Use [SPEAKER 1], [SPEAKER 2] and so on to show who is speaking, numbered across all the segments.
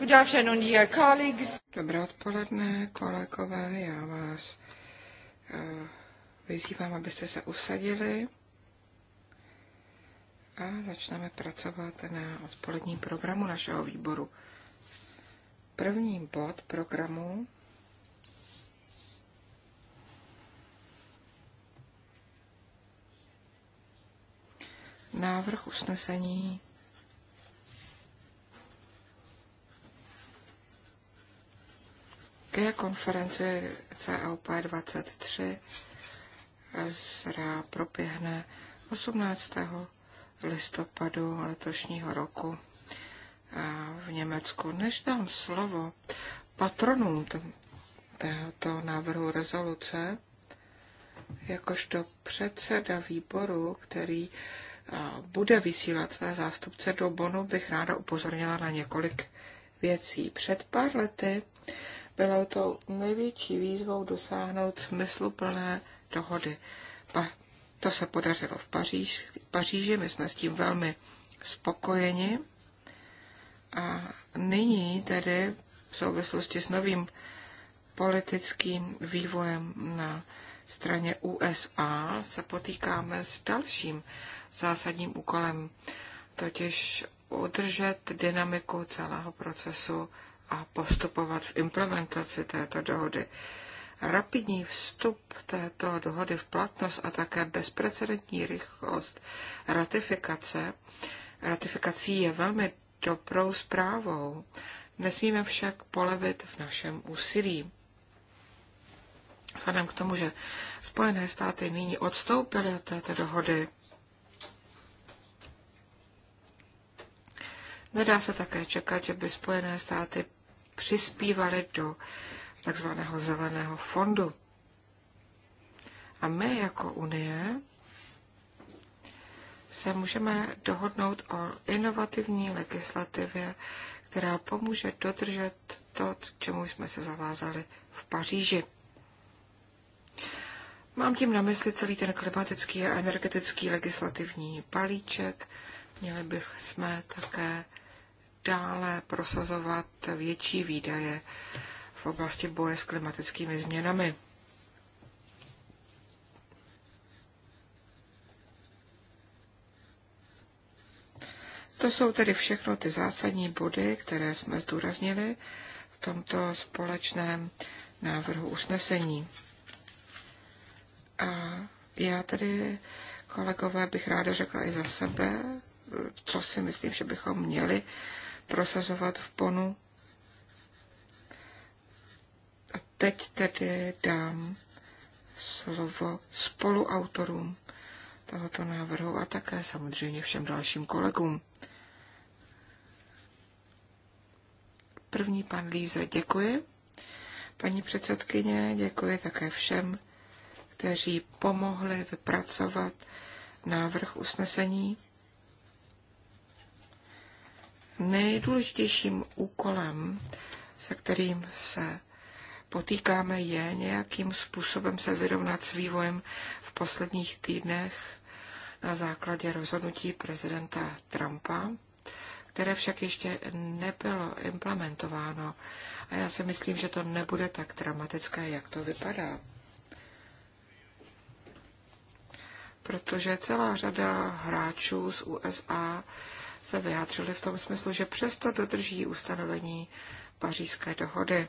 [SPEAKER 1] Good afternoon, dear colleagues. Dobré odpoledne, kolegové, já vás eh, vyzývám, abyste se usadili a začneme pracovat na odpoledním programu našeho výboru. První bod programu návrh usnesení ke konferenci COP23, která proběhne 18. listopadu letošního roku eh, v Německu. Než dám slovo patronům tohoto návrhu rezoluce, jakožto předseda výboru, který eh, bude vysílat své zástupce do Bonu, bych ráda upozornila na několik věcí. Před pár lety bylo to největší výzvou dosáhnout smysluplné dohody. Pa, to se podařilo v Paříž, Paříži, my jsme s tím velmi spokojeni. A nyní tedy v souvislosti s novým politickým vývojem na straně USA se potýkáme s dalším zásadním úkolem, totiž udržet dynamiku celého procesu a postupovat v implementaci této dohody. Rapidní vstup této dohody v platnost a také bezprecedentní rychlost ratifikace ratifikací je velmi dobrou zprávou. Nesmíme však polevit v našem úsilí. Vzhledem k tomu, že Spojené státy nyní odstoupily od této dohody, nedá se také čekat, že by Spojené státy přispívali do takzvaného zeleného fondu. A my jako Unie se můžeme dohodnout o inovativní legislativě, která pomůže dodržet to, čemu jsme se zavázali v Paříži. Mám tím na mysli celý ten klimatický a energetický legislativní palíček. Měli bychom také dále prosazovat větší výdaje v oblasti boje s klimatickými změnami. To jsou tedy všechno ty zásadní body, které jsme zdůraznili v tomto společném návrhu usnesení. A já tedy, kolegové, bych ráda řekla i za sebe, co si myslím, že bychom měli prosazovat v ponu. A teď tedy dám slovo spoluautorům tohoto návrhu a také samozřejmě všem dalším kolegům. První pan Líze, děkuji. Paní předsedkyně, děkuji také všem, kteří pomohli vypracovat návrh usnesení nejdůležitějším úkolem, se kterým se potýkáme, je nějakým způsobem se vyrovnat s vývojem v posledních týdnech na základě rozhodnutí prezidenta Trumpa, které však ještě nebylo implementováno. A já si myslím, že to nebude tak dramatické, jak to vypadá. Protože celá řada hráčů z USA se vyjádřili v tom smyslu, že přesto dodrží ustanovení pařížské dohody.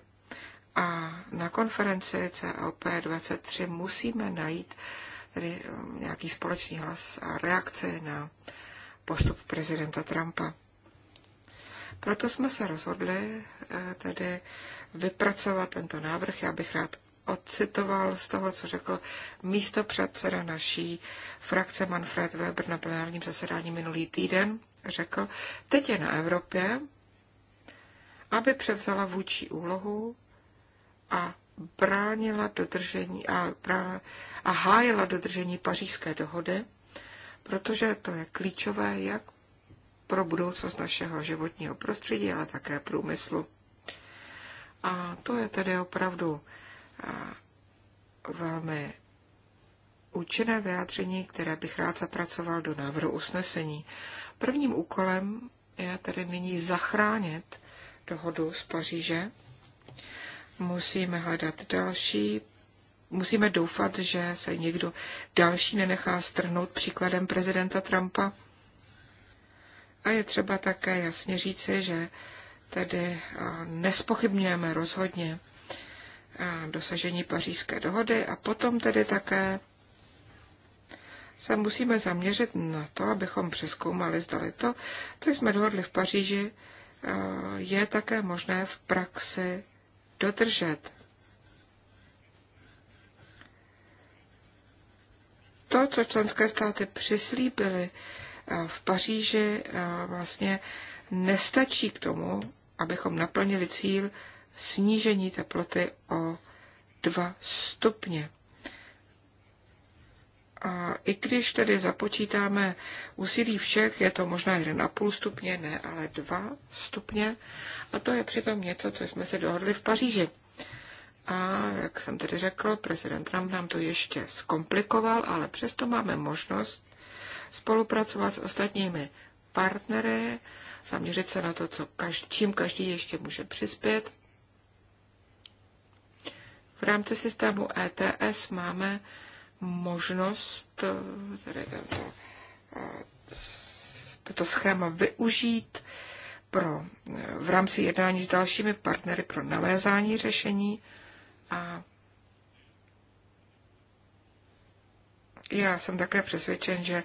[SPEAKER 1] A na konferenci COP23 musíme najít tedy um, nějaký společný hlas a reakci na postup prezidenta Trumpa. Proto jsme se rozhodli eh, tedy vypracovat tento návrh. Já bych rád odcitoval z toho, co řekl místo předseda naší frakce Manfred Weber na plenárním zasedání minulý týden řekl, teď je na Evropě, aby převzala vůči úlohu a bránila dodržení a, brá, a hájila dodržení pařížské dohody, protože to je klíčové jak pro budoucnost našeho životního prostředí, ale také průmyslu. A to je tedy opravdu eh, velmi účinné vyjádření, které bych rád zapracoval do návrhu usnesení. Prvním úkolem je tedy nyní zachránit dohodu z Paříže. Musíme hledat další, musíme doufat, že se někdo další nenechá strhnout příkladem prezidenta Trumpa. A je třeba také jasně říci, že tedy nespochybňujeme rozhodně dosažení pařížské dohody a potom tedy také se musíme zaměřit na to, abychom přeskoumali, zdali to, co jsme dohodli v Paříži, eh, je také možné v praxi dodržet. To, co členské státy přislíbily eh, v Paříži, eh, vlastně nestačí k tomu, abychom naplnili cíl snížení teploty o 2 stupně. A i když tedy započítáme úsilí všech, je to možná 1,5 stupně, ne, ale 2 stupně. A to je přitom něco, co jsme se dohodli v Paříži. A jak jsem tedy řekl, prezident Trump nám to ještě zkomplikoval, ale přesto máme možnost spolupracovat s ostatními partnery, zaměřit se na to, co každý, čím každý ještě může přispět. V rámci systému ETS máme možnost eh, tedy tento, eh, eh, toto schéma využít pro, v rámci jednání s dalšími partnery pro nalézání řešení a já jsem také přesvědčen, že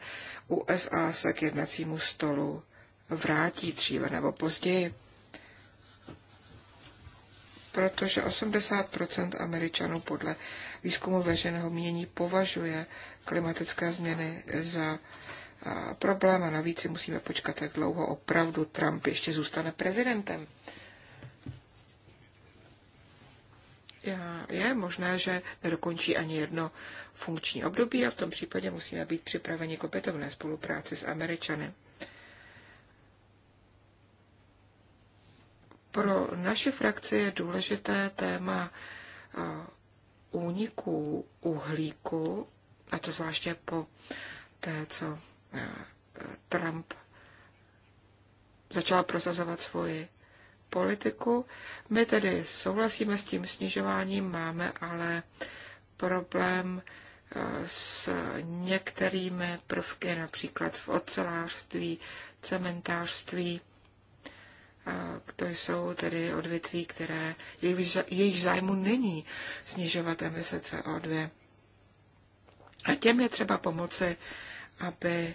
[SPEAKER 1] USA se k jednacímu stolu vrátí dříve nebo později, protože 80% Američanů podle výzkumu veřejného mínění považuje klimatické změny za problém a navíc si musíme počkat, jak dlouho opravdu Trump ještě zůstane prezidentem. Je možné, že nedokončí ani jedno funkční období a v tom případě musíme být připraveni k opětovné spolupráci s Američany. Pro naši frakci je důležité téma úniků uhlíku, a to zvláště po té, co eh, Trump začal prosazovat svoji politiku. My tedy souhlasíme s tím snižováním, máme ale problém eh, s některými prvky, například v ocelářství, cementářství, to jsou tedy odvětví, které jejich zájmu není snižovat emise CO2. A těm je třeba pomoci, aby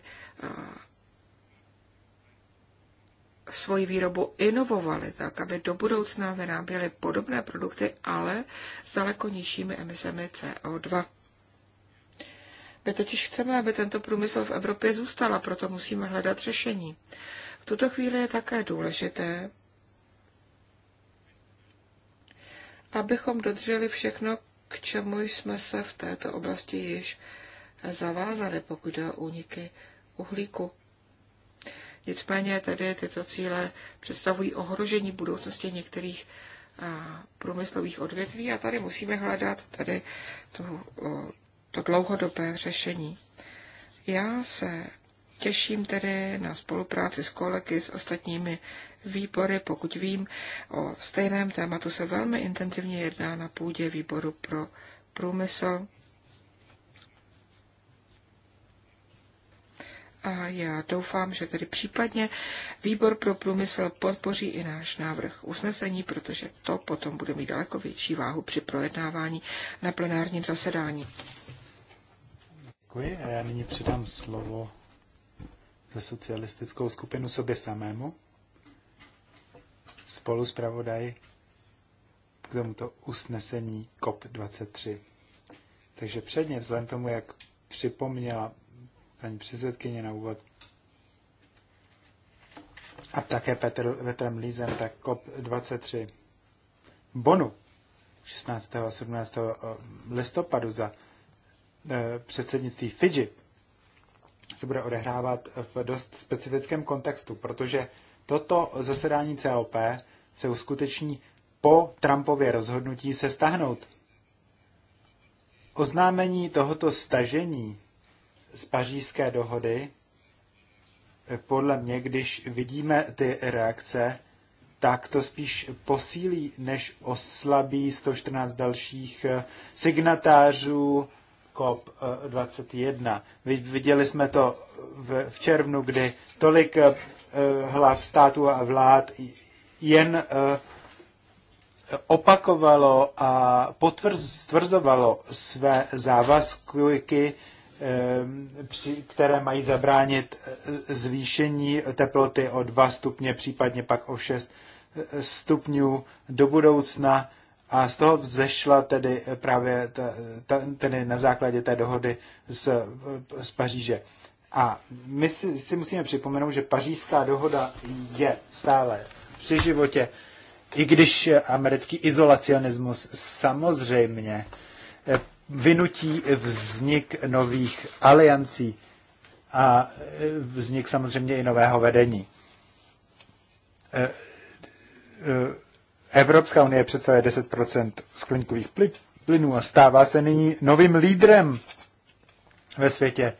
[SPEAKER 1] svoji výrobu inovovali tak, aby do budoucna vyráběli podobné produkty, ale s daleko nižšími emisemi CO2. My totiž chceme, aby tento průmysl v Evropě zůstal a proto musíme hledat řešení. V tuto chvíli je také důležité, abychom dodrželi všechno, k čemu jsme se v této oblasti již zavázali, pokud jde o úniky uhlíku. Nicméně tedy tyto cíle představují ohrožení budoucnosti některých průmyslových odvětví a tady musíme hledat tady tu, to dlouhodobé řešení. Já se Těším tedy na spolupráci s kolegy, s ostatními výbory. Pokud vím, o stejném tématu se velmi intenzivně jedná na půdě výboru pro průmysl. A já doufám, že tedy případně výbor pro průmysl podpoří i náš návrh usnesení, protože to potom bude mít daleko větší váhu při projednávání na plenárním zasedání.
[SPEAKER 2] Děkuji a já nyní předám slovo za socialistickou skupinu sobě samému. Spolu zpravodaj k tomuto usnesení COP23. Takže předně, vzhledem tomu, jak připomněla paní předsedkyně na úvod a také Petr, Vetrem Lízen, tak COP23 Bonu 16. a 17. Eh, listopadu za eh, předsednictví Fidži se bude odehrávat v dost specifickém kontextu, protože toto zasedání COP se uskuteční po Trumpově rozhodnutí se stahnout. Oznámení tohoto stažení z pařížské dohody, podle mě, když vidíme ty reakce, tak to spíš posílí, než oslabí 114 dalších signatářů COP21. Eh, viděli jsme to v červnu, kdy tolik eh, hlav států a vlád jen eh, opakovalo a potvrzovalo své závazky, které mají zabránit zvýšení teploty o 2 stupně, případně pak o 6 stupňů do budoucna a z toho vzešla tedy právě ta, ta, tedy na základě té dohody z, z Paříže. A my si, si musíme připomenout, že pařížská dohoda je stále při životě, i když americký izolacionismus samozřejmě eh, vynutí vznik nových aliancí a eh, vznik samozřejmě i nového vedení eh, Evropská unie představuje 10 skleníkových plynů a stává se nyní novým lídrem ve světě,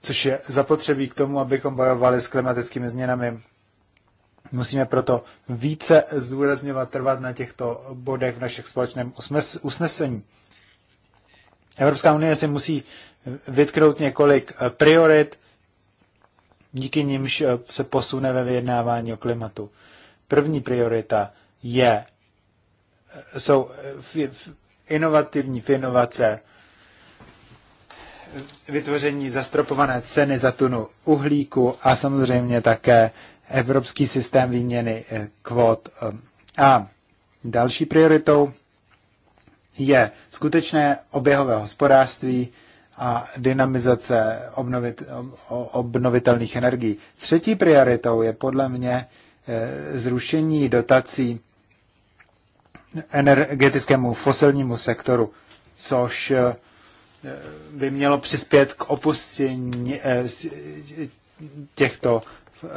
[SPEAKER 2] což je zapotřebí k tomu, abychom bojovali s klimatickými změnami. Musíme proto více zdůrazňovat, trvat na těchto bodech v našich společném usnesení. Evropská unie si musí vytknout několik eh, priorit, díky nimž eh, se posune ve vyjednávání o klimatu. První priorita je, jsou eh, inovativní v inovace, vytvoření zastropované ceny za tunu uhlíku a samozřejmě také evropský systém výměny eh, kvot. Eh, a další prioritou je skutečné oběhové hospodářství a dynamizace obnovit, obnovitelných energií. Třetí prioritou je podle mě zrušení dotací energetickému fosilnímu sektoru, což eh, by mělo přispět k opustění eh, těchto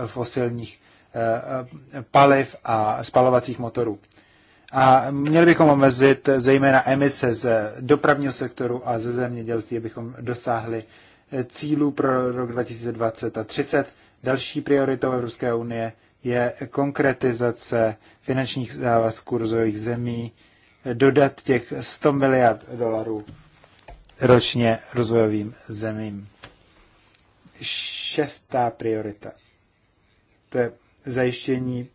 [SPEAKER 2] fosilních eh, paliv a spalovacích motorů. A měli bychom omezit zejména emise z dopravního sektoru a ze zemědělství, abychom dosáhli cílů pro rok 2020 a 30. Další prioritou Evropské unie je konkretizace finančních závazků rozvojových zemí, dodat těch 100 miliard dolarů ročně rozvojovým zemím. Šestá priorita. To je zajištění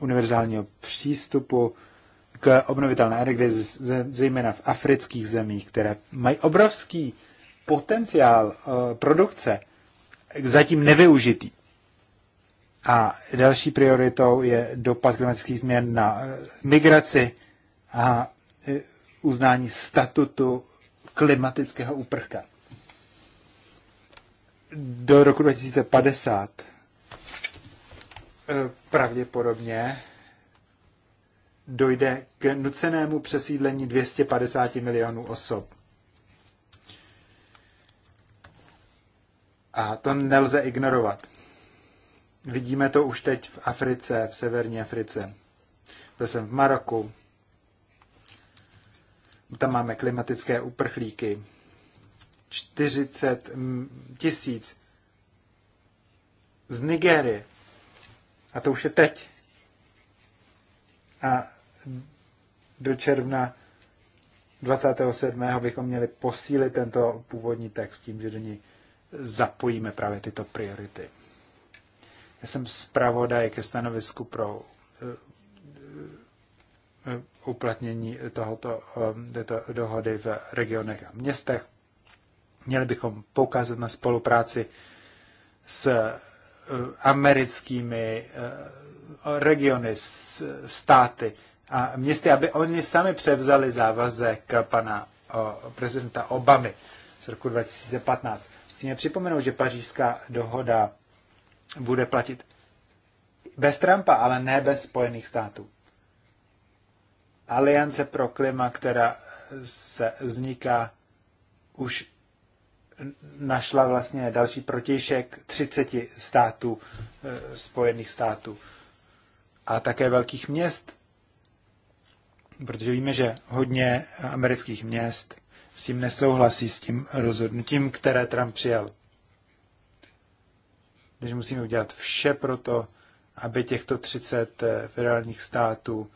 [SPEAKER 2] univerzálního přístupu k obnovitelné energii, zejména v afrických zemích, které mají obrovský potenciál eh, produkce, zatím nevyužitý. A další prioritou je dopad klimatických změn na eh, migraci a eh, uznání statutu klimatického úprchka. Do roku 2050 eh, pravděpodobně dojde k nucenému přesídlení 250 milionů osob. A to nelze ignorovat. Vidíme to už teď v Africe, v severní Africe. Byl jsem v Maroku. Tam máme klimatické uprchlíky. 40 tisíc z Nigerie. A to už je teď. A do června 27. bychom měli posílit tento původní text tím, že do ní zapojíme právě tyto priority. Já jsem zpravodaj ke stanovisku pro eh, eh, uplatnění tohoto, eh, této dohody v regionech a městech. Měli bychom poukázat na spolupráci s americkými regiony, státy a městy, aby oni sami převzali závazek pana prezidenta Obamy z roku 2015. Musíme připomenout, že pařížská dohoda bude platit bez Trumpa, ale ne bez Spojených států. Aliance pro klima, která se vzniká, už našla vlastně další protějšek 30 států, eh, spojených států a také velkých měst, protože víme, že hodně amerických měst s tím nesouhlasí, s tím rozhodnutím, které Trump přijal takže musíme udělat vše pro to, aby těchto 30 eh, federálních států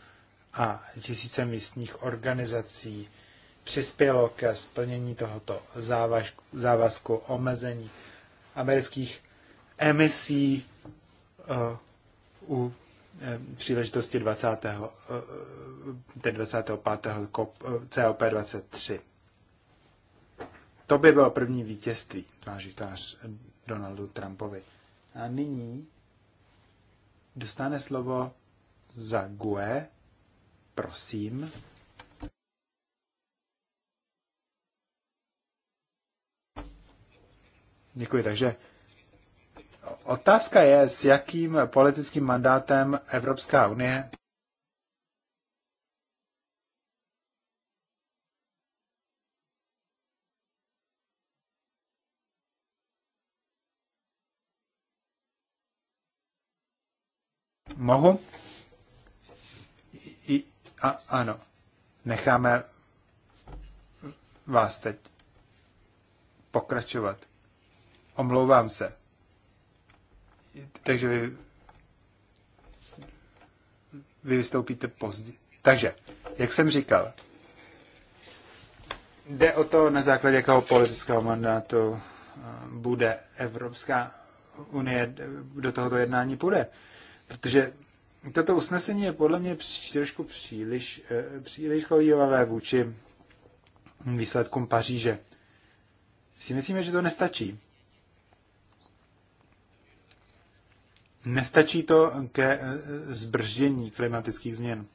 [SPEAKER 2] a tisíce místních organizací přispělo ke splnění tohoto závazku, závazku omezení amerických emisí uh, u uh, příležitosti 20. Uh, 25. COP23. To by bylo první vítězství, váží Donaldu Trumpovi. A nyní dostane slovo za GUE. Prosím. Děkuji, takže otázka je, s jakým politickým mandátem Evropská unie Mohu? I, a, ano. Necháme vás teď pokračovat. Omlouvám se. Takže vy, vy vystoupíte pozdě. Takže, jak jsem říkal, jde o to, na základě jakého politického mandátu eh, bude Evropská unie do tohoto jednání půjde protože toto usnesení je podle mě trošku příliš, eh, příliš chovývavé vůči výsledkům Paříže. Si myslíme, že to nestačí. Nestačí to ke eh, zbrždění klimatických změn.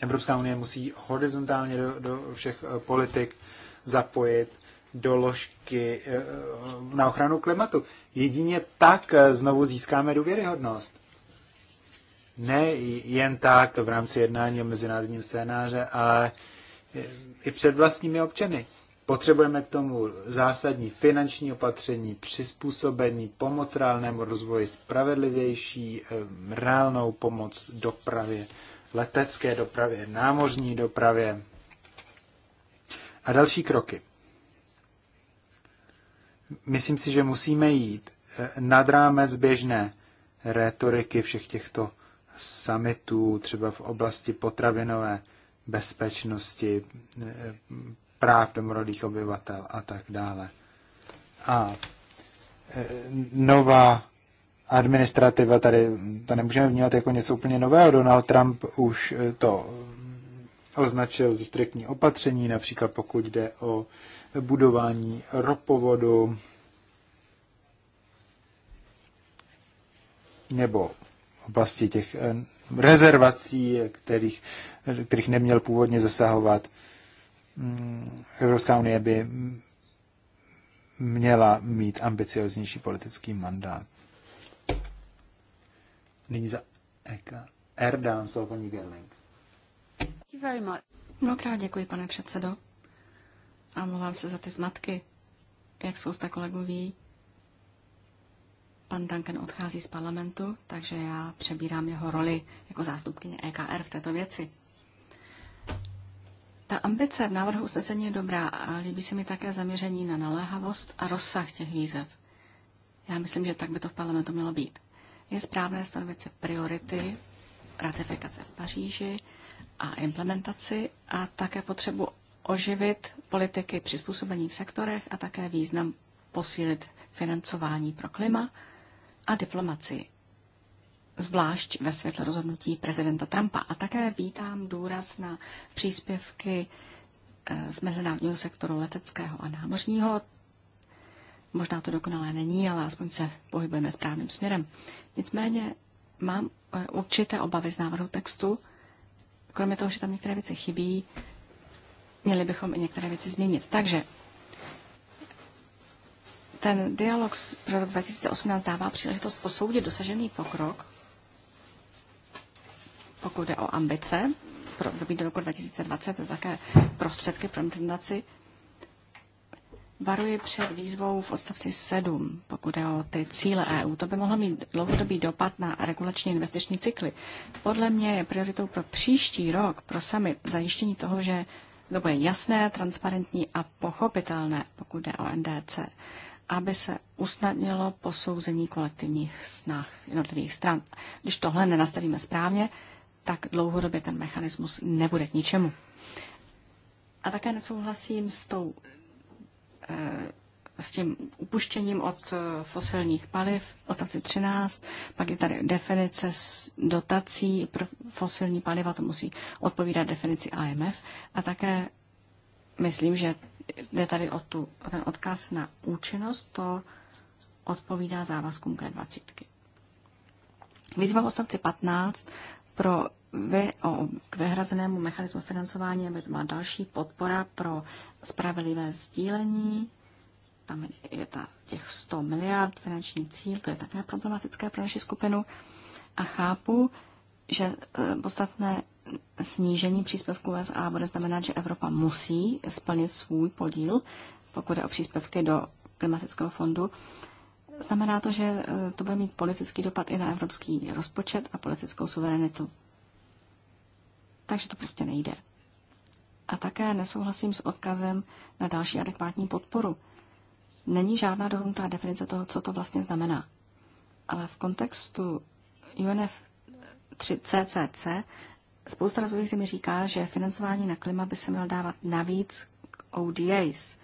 [SPEAKER 2] Evropská unie musí horizontálně do, do všech eh, politik zapojit doložky eh, na ochranu klimatu. Jedině tak eh, znovu získáme důvěryhodnost. Ne jen tak v rámci jednání o mezinárodním scénáře, ale eh, i před vlastními občany. Potřebujeme k tomu zásadní finanční opatření, přizpůsobení, pomoc reálnému rozvoji, spravedlivější, reálnou pomoc dopravě, letecké dopravě, námořní dopravě a další kroky. Myslím si, že musíme jít eh, nad rámec běžné rétoriky všech těchto summitů, třeba v oblasti potravinové bezpečnosti, eh, práv domorodých obyvatel a tak dále. A eh, nová administrativa tady, ta nemůžeme vnímat jako něco úplně nového. Donald Trump už to označil za striktní opatření, například pokud jde o budování ropovodu nebo oblasti těch eh, rezervací, kterých, kterých neměl původně zasahovat. Mm, Evropská unie by měla mít ambicioznější politický mandát. Nyní za Eka Erdán, slovo paní Gerling.
[SPEAKER 3] Mnohokrát děkuji, pane předsedo. A mluvám se za ty zmatky. Jak spousta kolegů ví, pan Duncan odchází z parlamentu, takže já přebírám jeho roli jako zástupkyně EKR v této věci. Ta ambice v návrhu usnesení je dobrá a líbí se mi také zaměření na naléhavost a rozsah těch výzev. Já myslím, že tak by to v parlamentu mělo být. Je správné stanovit se priority ratifikace v Paříži a implementaci a také potřebu oživit politiky přizpůsobení v sektorech a také význam posílit financování pro klima a diplomaci, zvlášť ve světle rozhodnutí prezidenta Trumpa. A také vítám důraz na příspěvky eh, z mezinárodního sektoru leteckého a námořního. Možná to dokonalé není, ale aspoň se pohybujeme správným směrem. Nicméně mám eh, určité obavy z návrhu textu, kromě toho, že tam některé věci chybí, měli bychom i některé věci změnit. Takže ten dialog pro rok 2018 dává příležitost posoudit dosažený pokrok, pokud jde o ambice pro období do roku 2020 a také prostředky pro implementaci. Varuji před výzvou v odstavci 7, pokud jde o ty cíle EU. To by mohlo mít dlouhodobý dopad na regulační investiční cykly. Podle mě je prioritou pro příští rok, pro sami zajištění toho, že to bude jasné, transparentní a pochopitelné, pokud jde o NDC, aby se usnadnilo posouzení kolektivních snah jednotlivých stran. Když tohle nenastavíme správně, tak dlouhodobě ten mechanismus nebude k ničemu. A také nesouhlasím s tou e, s tím upuštěním od eh, fosilních paliv, odstavci 13, pak je tady definice dotací pro fosilní paliva, to musí odpovídat definici AMF a také myslím, že jde tady o, tu, o ten odkaz na účinnost, to odpovídá závazkům G20. Výzva odstavci 15 pro vy, o, k vyhrazenému mechanismu financování, aby to byla další podpora pro spravedlivé sdílení tam je ta, těch 100 miliard finanční cíl, to je také problematické pro naši skupinu. A chápu, že eh, podstatné snížení příspěvku USA bude znamenat, že Evropa musí splnit svůj podíl, pokud je o příspěvky do klimatického fondu. Znamená to, že eh, to bude mít politický dopad i na evropský rozpočet a politickou suverenitu. Takže to prostě nejde. A také nesouhlasím s odkazem na další adekvátní podporu. Není žádná dohodnutá definice toho, co to vlastně znamená. Ale v kontextu UNF 3 CCC spousta rozvojových zemí říká, že financování na klima by se mělo dávat navíc k ODAs.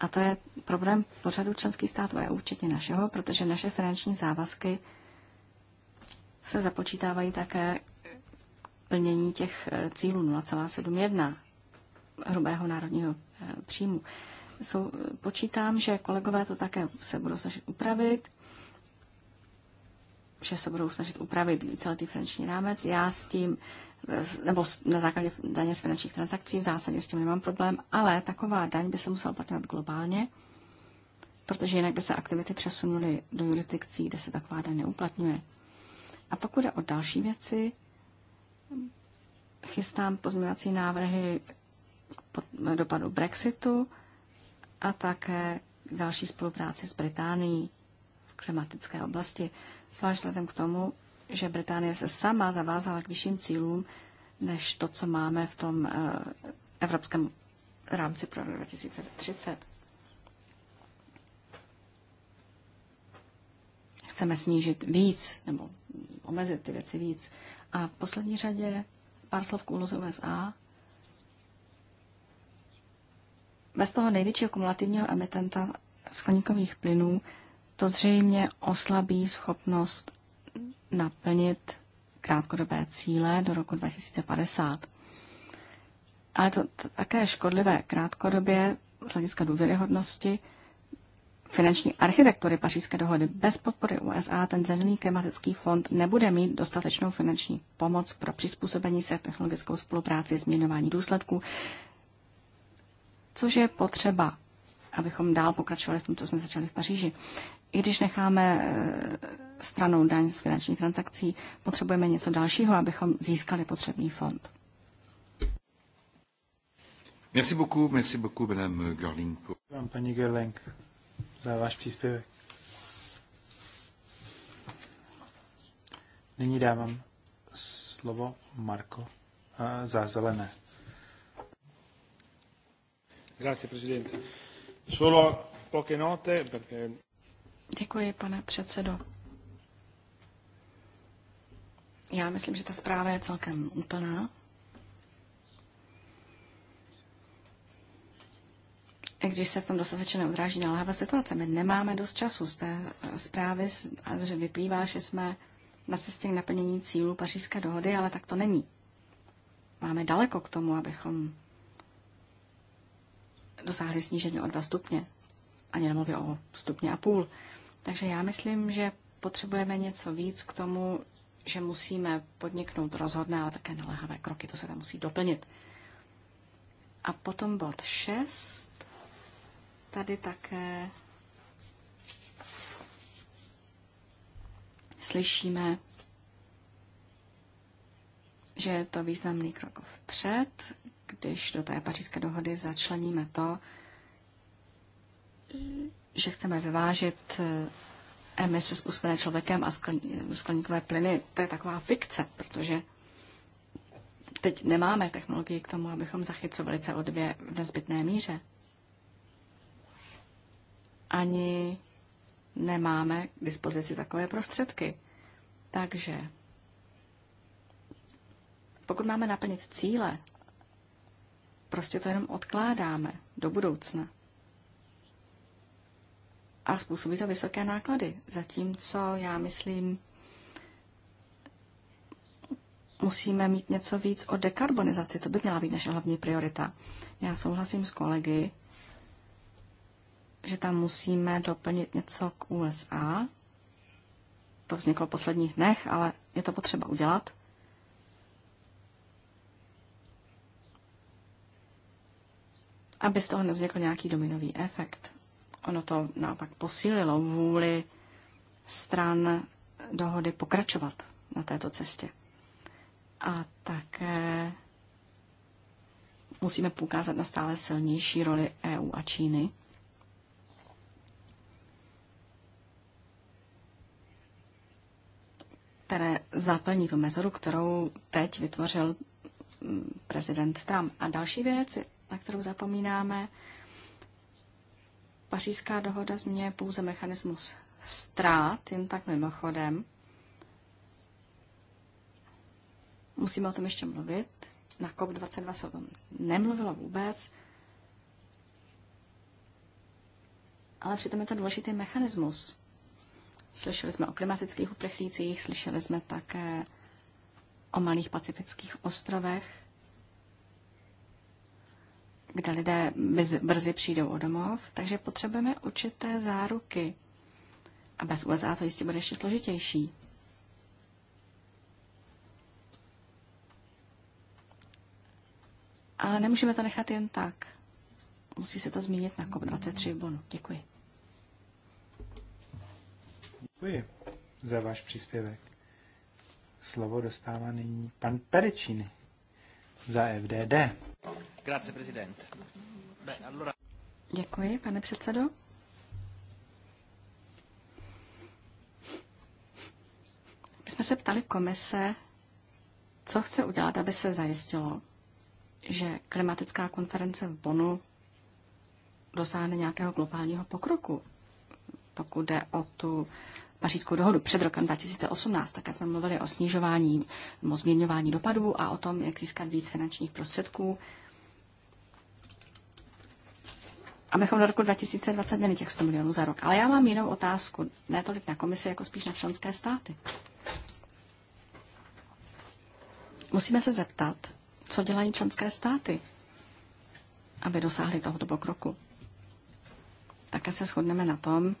[SPEAKER 3] A to je problém pořadu členských států a určitě našeho, protože naše finanční závazky se započítávají také plnění těch eh, cílů 0,71 hrubého národního eh, příjmu. Jsou, počítám, že kolegové to také se budou snažit upravit, že se budou snažit upravit víceletý finanční rámec. Já s tím, eh, nebo na základě daně z finančních transakcí, v zásadě s tím nemám problém, ale taková daň by se musela platit globálně, protože jinak by se aktivity přesunuly do jurisdikcí, kde se taková daň neuplatňuje. A pokud je o další věci, chystám pozměňovací návrhy dopadu Brexitu a také další spolupráci s Británií v klimatické oblasti, zvlášť vzhledem k tomu, že Británie se sama zavázala k vyšším cílům, než to, co máme v tom eh, evropském rámci pro 2030. Chceme snížit víc, nebo omezit ty věci víc. A v poslední řadě pár slov k úloze USA. bez toho největšího kumulativního emitenta skleníkových plynů to zřejmě oslabí schopnost naplnit krátkodobé cíle do roku 2050. Ale to také škodlivé krátkodobě z hlediska důvěryhodnosti finanční architektury Pařížské dohody. Bez podpory USA ten zelený klimatický fond nebude mít dostatečnou finanční pomoc pro přizpůsobení se technologickou spolupráci, změnování důsledků, což je potřeba, abychom dál pokračovali v tom, co jsme začali v Paříži. I když necháme eh, stranou daň z finančních transakcí, potřebujeme něco dalšího, abychom získali potřebný fond.
[SPEAKER 2] Merci beaucoup, merci beaucoup, madame Görling. Vám, paní Görling, za váš příspěvek. Nyní dávám slovo Marko eh, za zelené. Grazie, presidente. Solo poche note, perché...
[SPEAKER 3] Děkuji, pane předsedo. Já myslím, že ta zpráva je celkem úplná. I když se v tom dostatečně neodráží naléhavá situace, my nemáme dost času. Z té zprávy že vyplývá, že jsme na cestě k naplnění cílů pařížské dohody, ale tak to není. Máme daleko k tomu, abychom dosáhli snížení o dva stupně, ani nemluvě o stupně a půl. Takže já myslím, že potřebujeme něco víc k tomu, že musíme podniknout rozhodné, ale také naléhavé kroky. To se tam musí doplnit. A potom bod 6. Tady také slyšíme, že je to významný krok vpřed, když do té pařížské dohody začleníme to, že chceme vyvážit eh, emise způsobené člověkem a skleníkové plyny, to je taková fikce, protože teď nemáme technologii k tomu, abychom zachycovali CO2 v nezbytné míře. Ani nemáme k dispozici takové prostředky. Takže pokud máme naplnit cíle, Prostě to jenom odkládáme do budoucna. A způsobí to vysoké náklady. Zatímco já myslím, musíme mít něco víc o dekarbonizaci. To by měla být naše hlavní priorita. Já souhlasím s kolegy, že tam musíme doplnit něco k USA. To vzniklo v posledních dnech, ale je to potřeba udělat. aby z toho nevznikl nějaký dominový efekt. Ono to naopak posílilo vůli stran dohody pokračovat na této cestě. A také musíme poukázat na stále silnější roli EU a Číny. které zaplní tu mezoru, kterou teď vytvořil mm, prezident Trump. A další věc na kterou zapomínáme. Pařížská dohoda změňuje pouze mechanismus ztrát, jen tak mimochodem. Musíme o tom ještě mluvit. Na COP22 se o tom nemluvilo vůbec. Ale přitom je to důležitý mechanismus. Slyšeli jsme o klimatických uprchlících, slyšeli jsme také o malých pacifických ostrovech kde lidé brzy přijdou o domov, takže potřebujeme určité záruky. A bez USA to jistě bude ještě složitější. Ale nemůžeme to nechat jen tak. Musí se to zmínit na COP23 v Bonu. Děkuji.
[SPEAKER 2] Děkuji za váš příspěvek. Slovo dostává nyní pan Perečiny za FDD. Grazie,
[SPEAKER 3] Děkuji, pane předsedo. My jsme se ptali komise, co chce udělat, aby se zajistilo, že klimatická konference v Bonu dosáhne nějakého globálního pokroku, pokud jde o tu pařížskou dohodu před rokem 2018, také jsme mluvili o snižování, nebo změňování dopadů a o tom, jak získat víc finančních prostředků, abychom do roku 2020 měli těch 100 milionů za rok. Ale já mám jinou otázku, ne tolik na komisi, jako spíš na členské státy. Musíme se zeptat, co dělají členské státy, aby dosáhly tohoto pokroku. Také se shodneme na tom,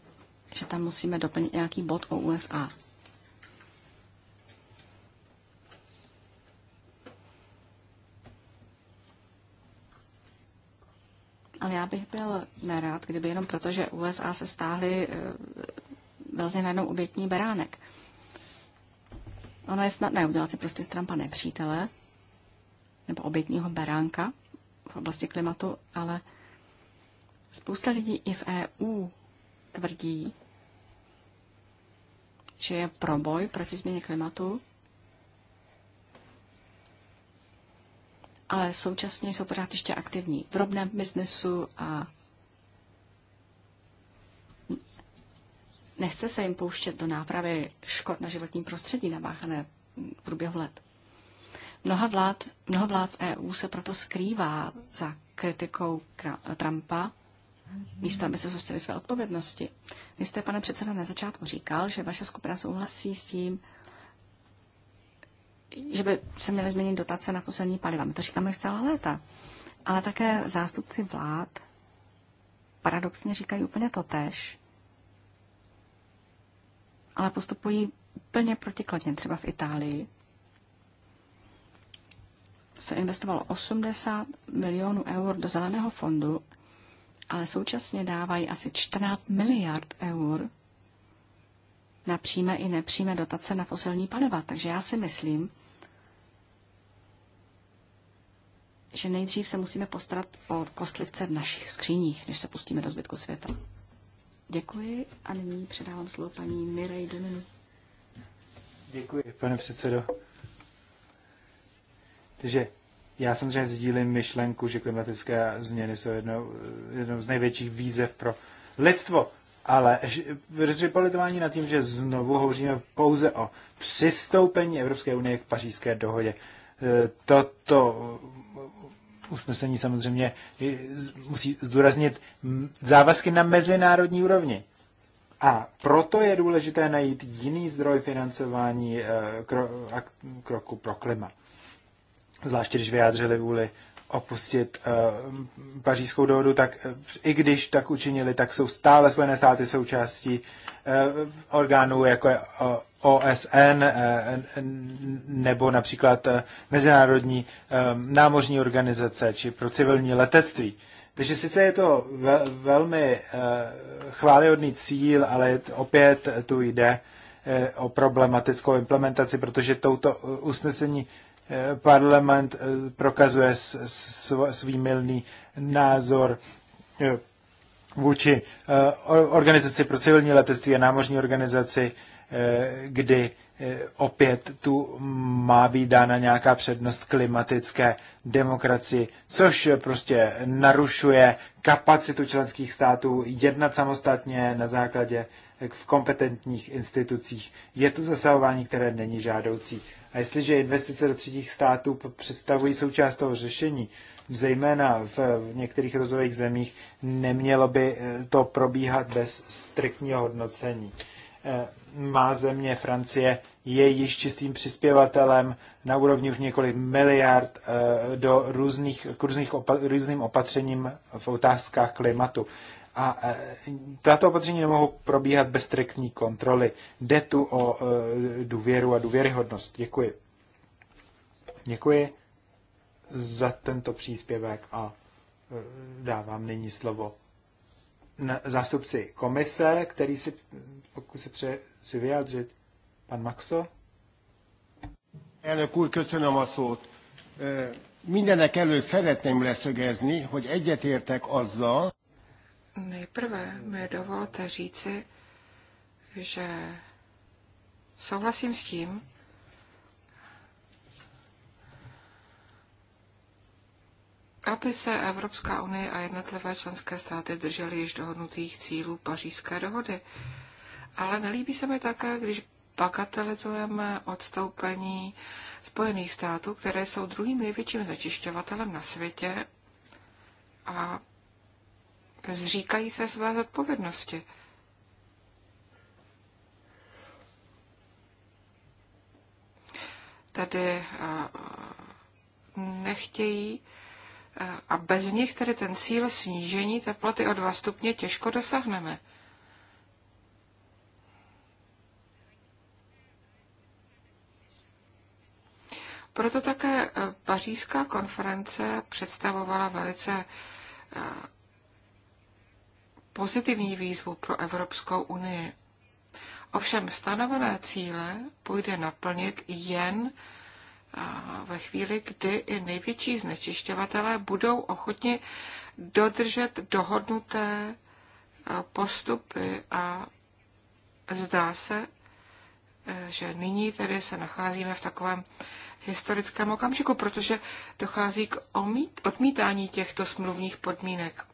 [SPEAKER 3] že tam musíme doplnit nějaký bod o USA. Ale já bych byl nerád, kdyby jenom proto, že USA se stáhly, eh, vezli najednou obětní beránek. Ono je snadné udělat si prostě z Trumpa nepřítele nebo obětního beránka v oblasti klimatu, ale spousta lidí i v EU tvrdí, že je pro boj proti změně klimatu, ale současně jsou pořád ještě aktivní v drobném biznesu a nechce se jim pouštět do nápravy škod na životním prostředí nabáchané v průběhu let. Mnoha vlád, mnoha vlád v EU se proto skrývá za kritikou Trumpa místo aby se zostavili své odpovědnosti. Vy jste, pane předsedo, na začátku říkal, že vaše skupina souhlasí s tím, že by se měly změnit dotace na fosilní paliva. My to říkáme celá léta. Ale také zástupci vlád paradoxně říkají úplně to tež, ale postupují úplně protikladně. Třeba v Itálii se investovalo 80 milionů eur do zeleného fondu ale současně dávají asi 14 miliard eur na přímé i nepřímé dotace na fosilní paliva. Takže já si myslím, že nejdřív se musíme postarat o kostlivce v našich skříních, než se pustíme do zbytku světa. Děkuji a nyní předávám slovo paní Mirej Dominu.
[SPEAKER 2] Děkuji, pane předsedo. Takže já samozřejmě sdílím myšlenku, že klimatické změny jsou jednou, jednou z největších výzev pro lidstvo, ale protože politování nad tím, že znovu hovoříme pouze o přistoupení Evropské unie k pařížské dohodě, e, toto usnesení samozřejmě musí zdůraznit závazky na mezinárodní úrovni. A proto je důležité najít jiný zdroj financování e, kroku pro klima zvláště když vyjádřili vůli opustit uh, pařížskou dohodu, tak uh, i když tak učinili, tak jsou stále Spojené státy součástí uh, orgánů, jako je uh, OSN uh, nebo například uh, Mezinárodní uh, námořní organizace či pro civilní letectví. Takže sice je to ve- velmi uh, chválihodný cíl, ale opět tu jde uh, o problematickou implementaci, protože touto usnesení uh, parlament eh, prokazuje svý milný názor eh, vůči eh, organizaci pro civilní letectví a námořní organizaci, kdy opět tu má být dána nějaká přednost klimatické demokracii, což prostě narušuje kapacitu členských států jednat samostatně na základě v kompetentních institucích. Je to zasahování, které není žádoucí. A jestliže investice do třetích států představují součást toho řešení, zejména v některých rozvojových zemích, nemělo by eh, to probíhat bez striktního hodnocení. Eh, má země Francie je již čistým přispěvatelem na úrovni už několik miliard eh, do různých, k, různých různým opatřením v otázkách klimatu. A e, tato opatření nemohou probíhat bez striktní kontroly. Jde tu o e, důvěru a důvěryhodnost. Děkuji. Děkuji za tento příspěvek a e, dávám nyní slovo zástupci komise, který si, pokud se pře, si vyjádřit, pan Maxo. Elnök úr, köszönöm a szót. Mindenek előtt szeretném leszögezni, hogy egyetértek azzal,
[SPEAKER 1] Nejprve mi dovolte říci, že souhlasím s tím, aby se Evropská unie a jednotlivé členské státy držely již dohodnutých cílů pařížské dohody. Ale nelíbí se mi také, když bagatelizujeme odstoupení Spojených států, které jsou druhým největším začišťovatelem na světě a zříkají se své zodpovědnosti. Tady eh, nechtějí eh, a bez nich tedy ten cíl snížení teploty o 2 stupně těžko dosáhneme. Proto také eh, pařížská konference představovala velice pozitivní výzvu pro Evropskou unii. Ovšem stanovené cíle půjde naplnit jen ve chvíli, kdy i největší znečišťovatelé budou ochotni dodržet dohodnuté postupy a zdá se, e, že nyní tedy se nacházíme v takovém historickém okamžiku, protože dochází k odmítání těchto smluvních podmínek.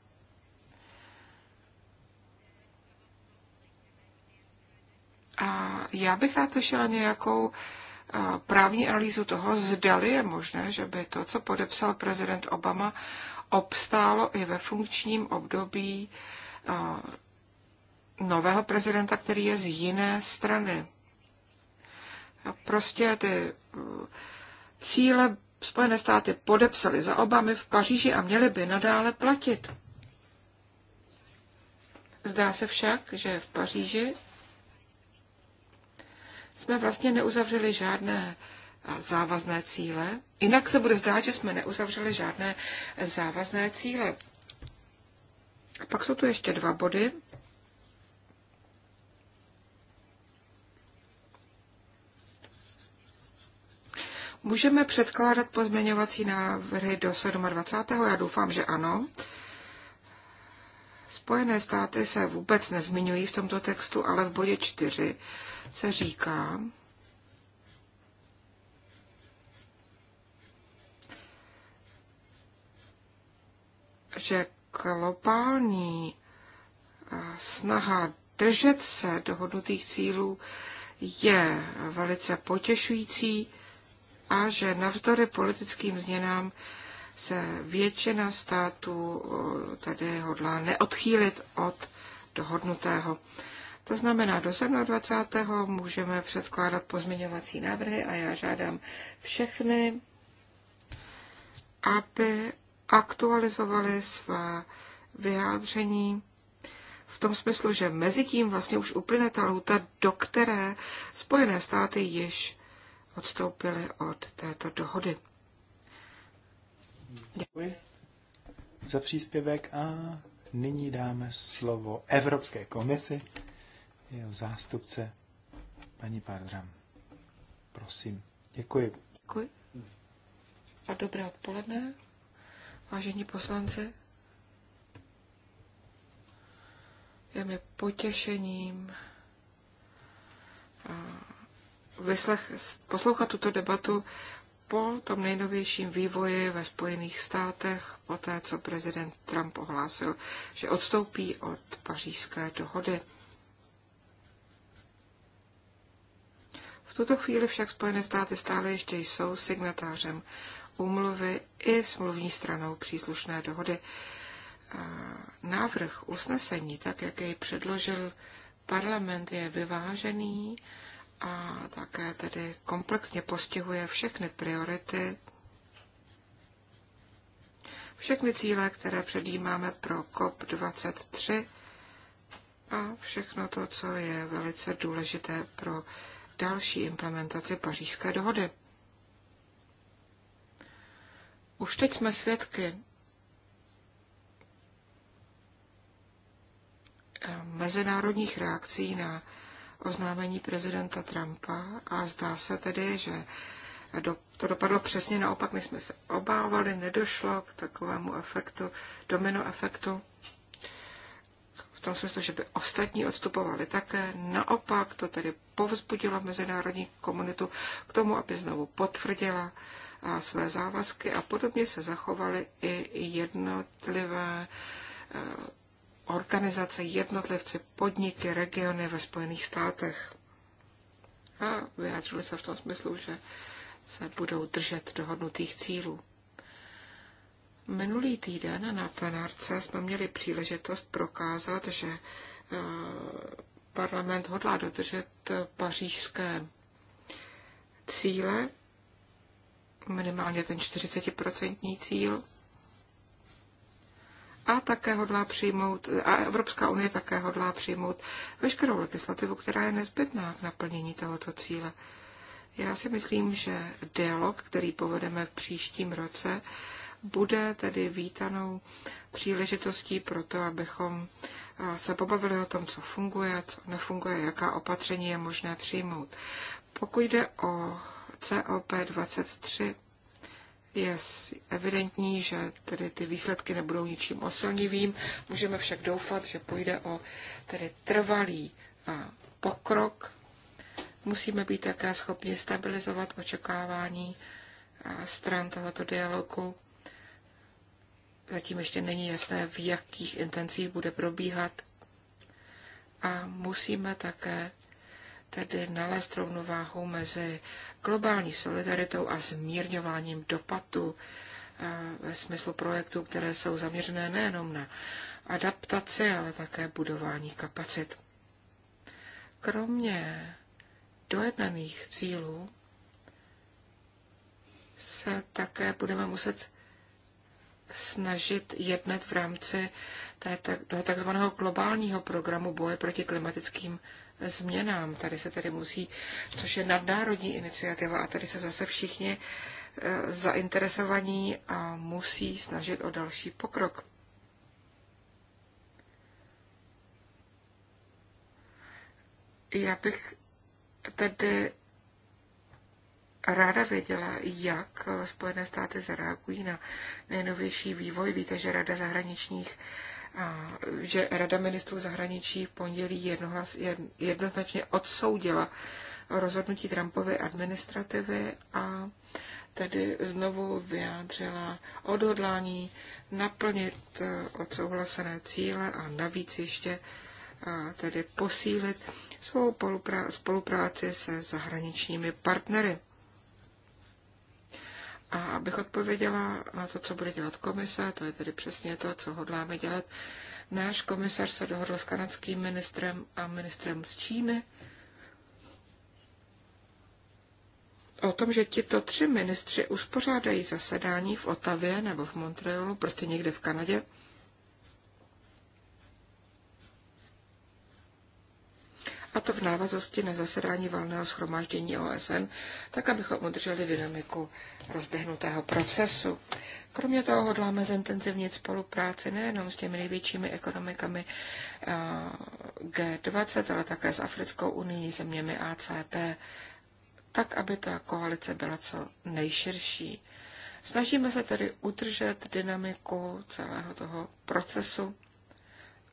[SPEAKER 1] A já bych rád slyšela nějakou právní analýzu toho, zdali je možné, že by to, co podepsal prezident Obama, obstálo i ve funkčním období nového prezidenta, který je z jiné strany. prostě ty cíle Spojené státy podepsaly za Obamy v Paříži a měly by nadále platit. Zdá se však, že v Paříži jsme vlastně neuzavřeli žádné eh, závazné cíle. Jinak se bude zdát, že jsme neuzavřeli žádné závazné cíle. A pak jsou tu ještě dva body. Můžeme předkládat pozměňovací návrhy do 27. Já doufám, že ano. Spojené státy se vůbec nezmiňují v tomto textu, ale v bodě 4 se říká, že globální eh, snaha držet se dohodnutých cílů je velice potěšující a že navzdory politickým změnám se většina států eh, tedy hodlá neodchýlit od dohodnutého. To znamená, do 27. můžeme předkládat pozměňovací návrhy a já žádám všechny, aby aktualizovali svá vyjádření v tom smyslu, že mezi tím vlastně už uplyne ta lhuta, do které Spojené státy již odstoupily od této dohody. Děkuji
[SPEAKER 2] za příspěvek a nyní dáme slovo Evropské komisi jeho zástupce, paní Pardram. Prosím. Děkuji.
[SPEAKER 1] Děkuji. A dobré odpoledne, vážení poslanci. Je mi potěšením vyslech, poslouchat tuto debatu po tom nejnovějším vývoji ve Spojených státech, po té, co prezident Trump ohlásil, že odstoupí od pařížské dohody. tuto chvíli však Spojené státy stále ještě jsou signatářem úmluvy i smluvní stranou příslušné dohody. Návrh usnesení, tak jak jej předložil parlament, je vyvážený a také tedy komplexně postihuje všechny priority, všechny cíle, které předjímáme pro COP23 a všechno to, co je velice důležité pro další implementaci pařížské dohody. Už teď jsme svědky eh, mezinárodních reakcí na oznámení prezidenta Trumpa a zdá se tedy, že to dopadlo přesně naopak. My jsme se obávali, nedošlo k takovému efektu, domino efektu v tom smyslu, že by ostatní odstupovali také. Naopak to tedy povzbudilo mezinárodní komunitu k tomu, aby znovu potvrdila své závazky a podobně se zachovaly i jednotlivé eh, organizace, jednotlivci, podniky, regiony ve Spojených státech. A vyjádřili se v tom smyslu, že se budou držet dohodnutých cílů. Minulý týden na plenárce jsme měli příležitost prokázat, že eh, parlament hodlá dodržet pařížské cíle, minimálně ten 40% cíl, a také hodlá přijmout, a Evropská unie také hodlá přijmout veškerou legislativu, která je nezbytná k naplnění tohoto cíle. Já si myslím, že dialog, který povedeme v příštím roce, bude tedy vítanou příležitostí pro to, abychom se pobavili o tom, co funguje, co nefunguje, jaká opatření je možné přijmout. Pokud jde o COP23, je evidentní, že tedy ty výsledky nebudou ničím osilnivým. Můžeme však doufat, že půjde o tedy trvalý pokrok. Musíme být také schopni stabilizovat očekávání stran tohoto dialogu Zatím ještě není jasné, v jakých intencích bude probíhat. A musíme také tedy nalézt rovnováhu mezi globální solidaritou a zmírňováním dopadu eh, ve smyslu projektů, které jsou zaměřené nejenom na adaptaci, ale také budování kapacit. Kromě dojednaných cílů se také budeme muset snažit jednat v rámci toho takzvaného globálního programu boje proti klimatickým změnám. Tady se tedy musí, což je nadnárodní iniciativa a tady se zase všichni e, zainteresovaní a musí snažit o další pokrok. Já bych tedy ráda věděla, jak eh, Spojené státy zareagují na nejnovější vývoj. Víte, že Rada zahraničních že Rada ministrů zahraničí v pondělí jednohlas, jednoznačně odsoudila rozhodnutí Trumpovy administrativy a tedy znovu vyjádřila odhodlání naplnit eh, odsouhlasené cíle a navíc ještě eh, tedy posílit svou spolupráci se zahraničními partnery. A abych odpověděla na to, co bude dělat komise, to je tedy přesně to, co hodláme dělat, náš komisař se dohodl s kanadským ministrem a ministrem z Číny o tom, že tito tři ministři uspořádají zasedání v Otavě nebo v Montrealu, prostě někde v Kanadě, to v návaznosti na zasedání valného schromáždění OSN, tak abychom udrželi dynamiku rozběhnutého procesu. Kromě toho hodláme zintenzivnit spolupráci nejenom s těmi největšími ekonomikami eh, G20, ale také s Africkou unii, zeměmi ACP, tak, aby ta koalice byla co nejširší. Snažíme se tedy udržet dynamiku celého toho procesu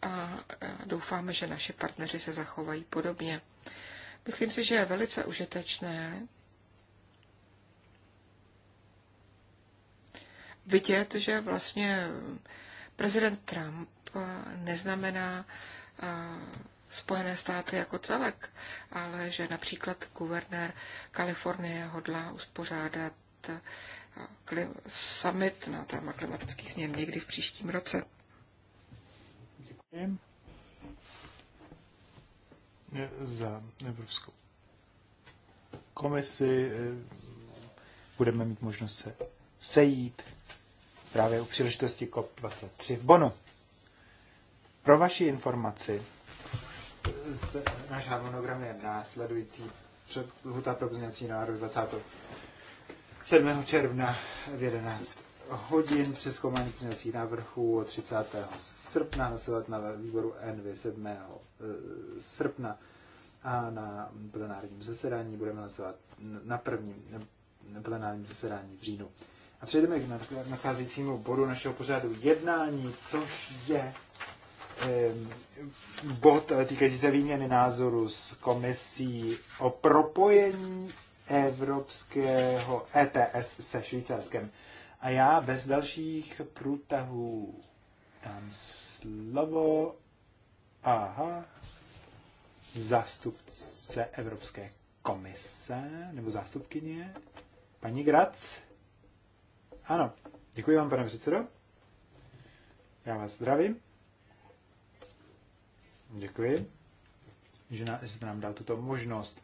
[SPEAKER 1] a doufáme, že naši partneři se zachovají podobně. Myslím si, že je velice užitečné vidět, že vlastně prezident Trump neznamená Spojené státy jako celek, ale že například guvernér Kalifornie hodlá uspořádat summit na téma klimatických změn někdy v příštím roce
[SPEAKER 2] za Evropskou komisi. Eh, budeme mít možnost se sejít právě u příležitosti COP23 v Bonu. Pro vaši informaci, náš harmonogram je následující lhuta pro pozměňovací návrh 27. června v 11 hodin přes komání pozměňovacích návrhů 30. srpna, hlasovat na výboru NV 7. Eh, srpna a na plenárním zasedání budeme hlasovat na prvním plenárním zasedání v říjnu. A přejdeme k nacházejícímu bodu našeho pořadu jednání, což je bod eh, týkající se výměny názoru s komisí o propojení evropského ETS se Švýcarskem. A já bez dalších průtahů dám slovo aha, zástupce Evropské komise, nebo zástupkyně, paní Grac. Ano, děkuji vám, pane předsedo. Já vás zdravím. Děkuji, že, jste nám dal tuto možnost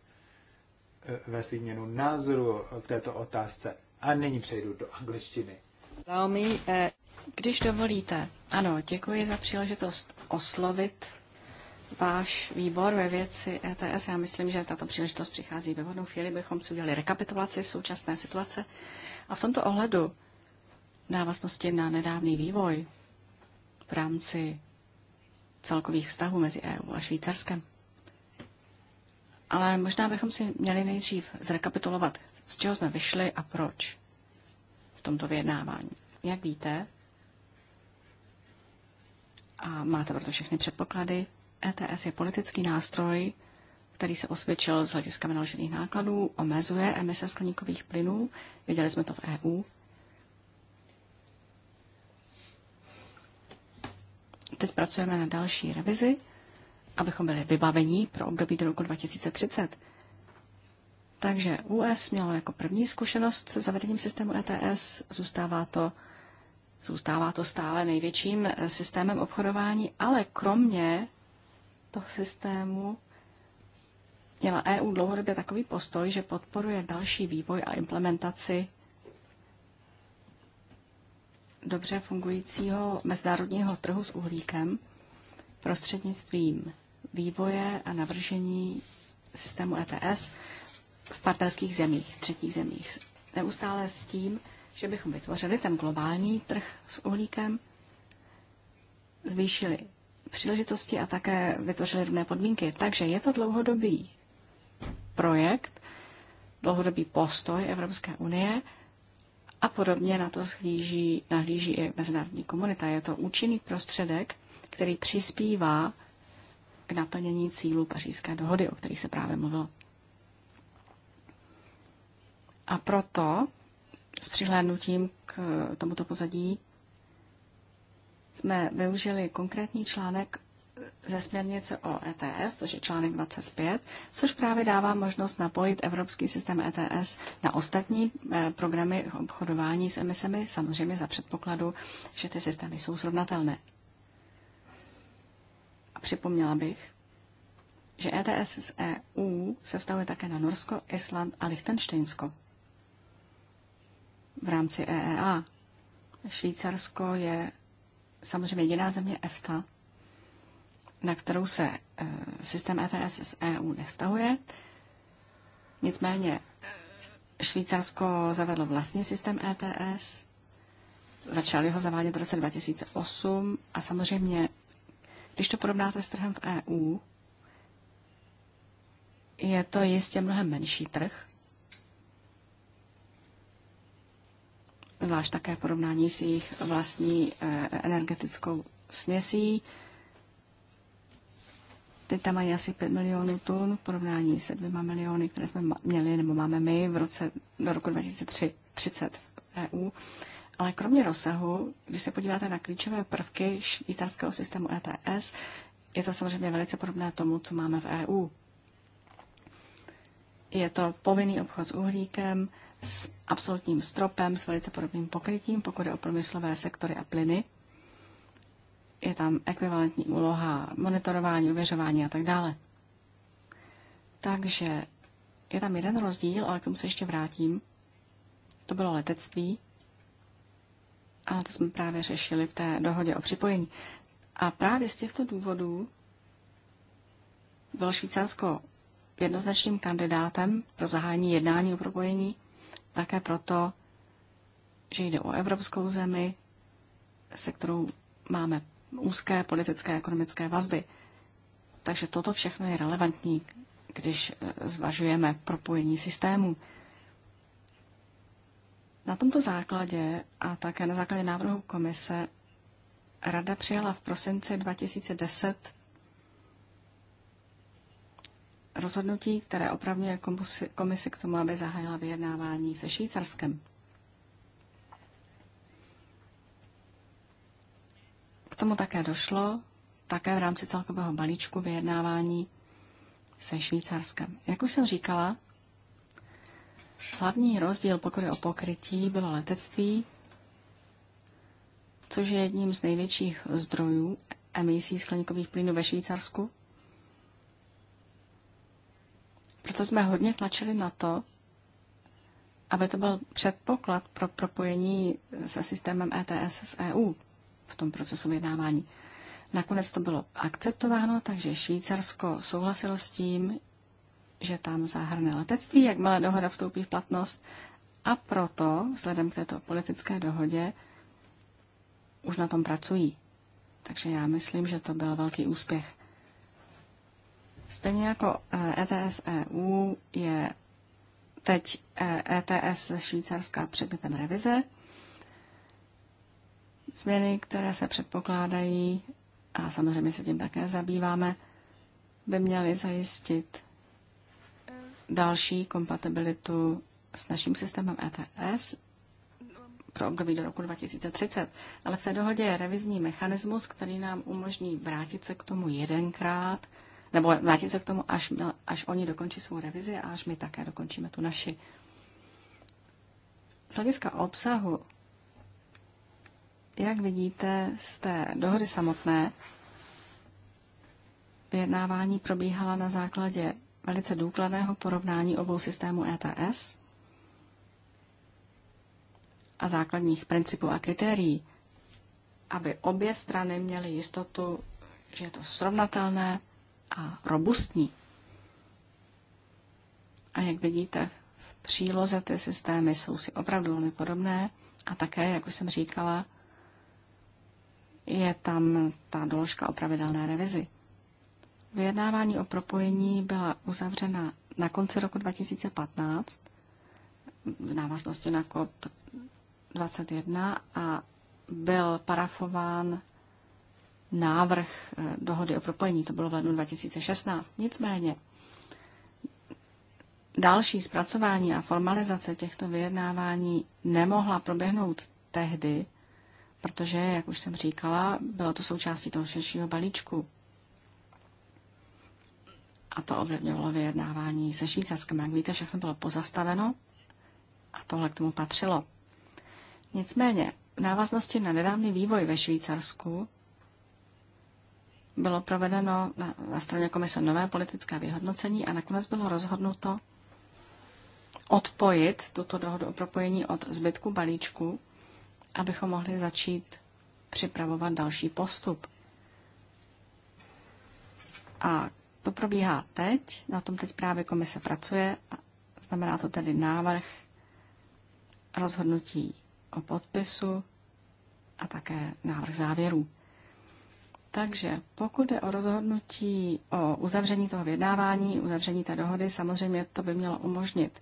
[SPEAKER 2] eh, vést výměnu názoru k této otázce. A nyní přejdu do angličtiny.
[SPEAKER 3] Eh, když dovolíte, ano, děkuji za příležitost oslovit váš výbor ve věci ETS. Já myslím, že tato příležitost přichází ve vhodnou chvíli, bychom si udělali rekapitulaci současné situace. A v tomto ohledu návaznosti na nedávný vývoj v rámci celkových vztahů mezi EU a Švýcarskem. Ale možná bychom si měli nejdřív zrekapitulovat z čeho jsme vyšli a proč v tomto vyjednávání. Jak víte, a máte proto všechny předpoklady, ETS je politický nástroj, který se osvědčil z hlediska vynaložených nákladů, omezuje emise skleníkových plynů, viděli jsme to v EU. Teď pracujeme na další revizi, abychom byli vybavení pro období do roku 2030 takže US mělo jako první zkušenost se zavedením systému ETS, zůstává to, zůstává to stále největším eh, systémem obchodování, ale kromě toho systému měla EU dlouhodobě takový postoj, že podporuje další vývoj a implementaci dobře fungujícího mezinárodního trhu s uhlíkem prostřednictvím vývoje a navržení systému ETS, v partnerských zemích, třetích zemích. Neustále s tím, že bychom vytvořili ten globální trh s uhlíkem, zvýšili příležitosti a také vytvořili rovné podmínky. Takže je to dlouhodobý projekt, dlouhodobý postoj Evropské unie a podobně na to zhlíží nahlíží i mezinárodní komunita. Je to účinný prostředek, který přispívá k naplnění cílů pařížské dohody, o kterých se právě mluvilo. A proto s přihlédnutím k tomuto pozadí jsme využili konkrétní článek ze směrnice o ETS, což je článek 25, což právě dává možnost napojit evropský systém ETS na ostatní eh, programy obchodování s emisemi, samozřejmě za předpokladu, že ty systémy jsou srovnatelné. A připomněla bych, že ETS z EU se vztahuje také na Norsko, Island a Lichtensteinsko v rámci EEA. Švýcarsko je samozřejmě jediná země EFTA, na kterou se eh, systém ETS z e EU nestahuje. Nicméně eh, Švýcarsko zavedlo vlastní systém ETS, začali ho zavádět v roce 2008 a samozřejmě, když to porovnáte s trhem v EU, je to jistě mnohem menší trh, zvlášť také porovnání s jejich vlastní eh, energetickou směsí. Teď tam mají asi 5 milionů tun v porovnání se 2 miliony, které jsme měli nebo máme my v roce, do roku 2030 v EU. Ale kromě rozsahu, když se podíváte na klíčové prvky švýcarského systému ETS, je to samozřejmě velice podobné tomu, co máme v EU. Je to povinný obchod s uhlíkem, s absolutním stropem, s velice podobným pokrytím, pokud je o průmyslové sektory a plyny. Je tam ekvivalentní úloha monitorování, uvěřování a tak dále. Takže je tam jeden rozdíl, ale k tomu se ještě vrátím. To bylo letectví, a to jsme právě řešili v té dohodě o připojení. A právě z těchto důvodů bylo Švýcarsko jednoznačným kandidátem pro zahájení jednání o propojení také proto, že jde o evropskou zemi, se kterou máme úzké politické a ekonomické vazby. Takže toto všechno je relevantní, když e, zvažujeme propojení systémů. Na tomto základě a také na základě návrhu komise Rada přijala v prosinci 2010 rozhodnutí, které opravňuje komisi k tomu, aby zahájila vyjednávání se Švýcarskem. K tomu také došlo, také v rámci celkového balíčku vyjednávání se Švýcarskem. Jak už jsem říkala, hlavní rozdíl, pokud je o pokrytí, bylo letectví, což je jedním z největších zdrojů emisí skleníkových plynů ve Švýcarsku proto jsme hodně tlačili na to, aby to byl předpoklad pro propojení se systémem ETS s EU v tom procesu vyjednávání. Nakonec to bylo akceptováno, takže Švýcarsko souhlasilo s tím, že tam zahrne letectví, jakmile dohoda vstoupí v platnost. A proto, vzhledem k této politické dohodě, už na tom pracují. Takže já myslím, že to byl velký úspěch. Stejně jako ETS eh, e EU je teď ETS eh, e ze Švýcarska předmětem revize. Změny, které se předpokládají, a samozřejmě se tím také zabýváme, by měly zajistit další kompatibilitu s naším systémem ETS pro období do roku 2030. Ale v té dohodě je revizní mechanismus, který nám umožní vrátit se k tomu jedenkrát nebo vrátit se k tomu, až, až oni dokončí svou revizi a až my také dokončíme tu naši. Z hlediska obsahu, jak vidíte z té dohody samotné, vyjednávání probíhala na základě velice důkladného porovnání obou systémů ETS a základních principů a kritérií, aby obě strany měly jistotu, že je to srovnatelné a robustní. A jak vidíte, v příloze ty systémy jsou si opravdu velmi podobné a také, jak už jsem říkala, je tam ta doložka o pravidelné revizi. Vyjednávání o propojení byla uzavřena na konci roku 2015 v návaznosti na COP 21 a byl parafován návrh eh, dohody o propojení, to bylo v lednu 2016. Nicméně další zpracování a formalizace těchto vyjednávání nemohla proběhnout tehdy, protože, jak už jsem říkala, bylo to součástí toho širšího balíčku. A to ovlivňovalo vyjednávání se Švýcarskem. Jak víte, všechno bylo pozastaveno a tohle k tomu patřilo. Nicméně, v návaznosti na nedávný vývoj ve Švýcarsku bylo provedeno na, na straně komise nové politické vyhodnocení a nakonec bylo rozhodnuto odpojit tuto dohodu o propojení od zbytku balíčku, abychom mohli začít připravovat další postup. A to probíhá teď, na tom teď právě komise pracuje, znamená to tedy návrh rozhodnutí o podpisu a také návrh závěrů. Takže pokud je o rozhodnutí o uzavření toho vyjednávání, uzavření té dohody, samozřejmě to by mělo umožnit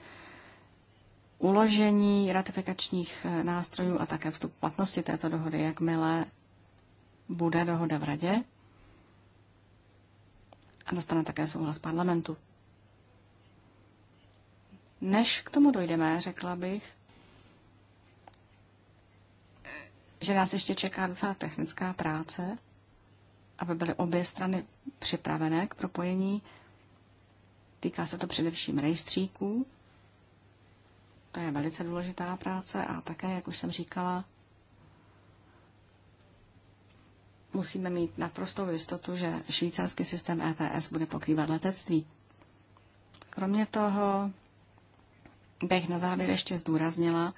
[SPEAKER 3] uložení ratifikačních eh, nástrojů a také vstup platnosti této dohody, jakmile bude dohoda v radě a dostane také souhlas parlamentu. Než k tomu dojdeme, řekla bych, že nás ještě čeká docela technická práce, aby byly obě strany připravené k propojení. Týká se to především rejstříků. To je velice důležitá práce a také, jak už jsem říkala, musíme mít naprostou jistotu, že švýcarský systém ETS bude pokrývat letectví. Kromě toho bych na závěr ještě zdůraznila,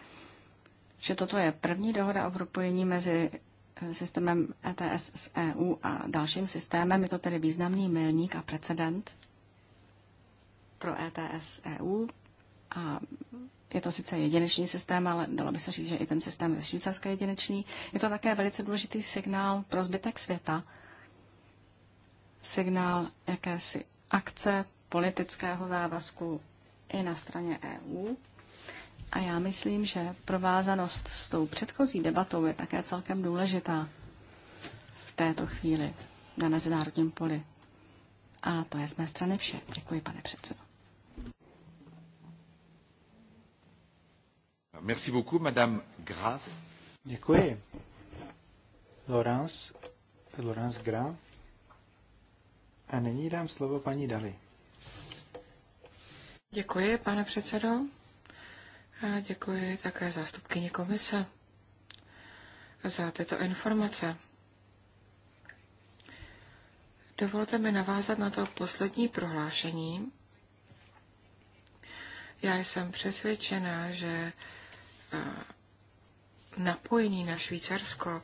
[SPEAKER 3] že toto je první dohoda o propojení mezi systémem ETS z EU a dalším systémem. Je to tedy významný milník a precedent pro ETS EU a je to sice jedinečný systém, ale dalo by se říct, že i ten systém ze Švýcarska je jedinečný. Je to také velice důležitý signál pro zbytek světa. Signál jakési akce politického závazku i na straně EU a já myslím, že provázanost s tou předchozí debatou je také celkem důležitá v této chvíli na mezinárodním poli. A to je z mé strany vše. Děkuji, pane předsedo.
[SPEAKER 2] Merci beaucoup, madame Graf. Děkuji. Laurence, Laurence Graf. A nyní dám slovo paní Dali.
[SPEAKER 1] Děkuji, pane předsedo. A děkuji také zástupkyni komise za tyto informace. Dovolte mi navázat na to poslední prohlášení. Já jsem přesvědčená, že napojení na Švýcarsko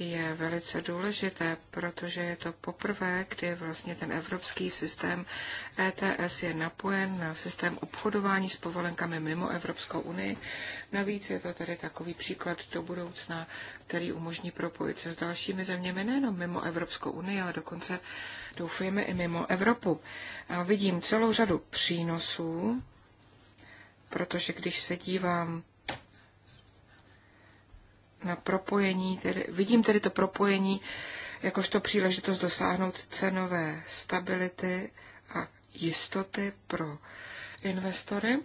[SPEAKER 1] je velice důležité, protože je to poprvé, kdy vlastně ten evropský systém ETS je napojen na systém obchodování s povolenkami mimo Evropskou unii. Navíc je to tedy takový příklad do budoucna, který umožní propojit se s dalšími zeměmi nejenom mimo Evropskou unii, ale dokonce doufujeme i mimo Evropu. A vidím celou řadu přínosů, protože když se dívám na propojení, tedy, vidím tedy to propojení jakožto příležitost dosáhnout cenové stability a jistoty pro investory.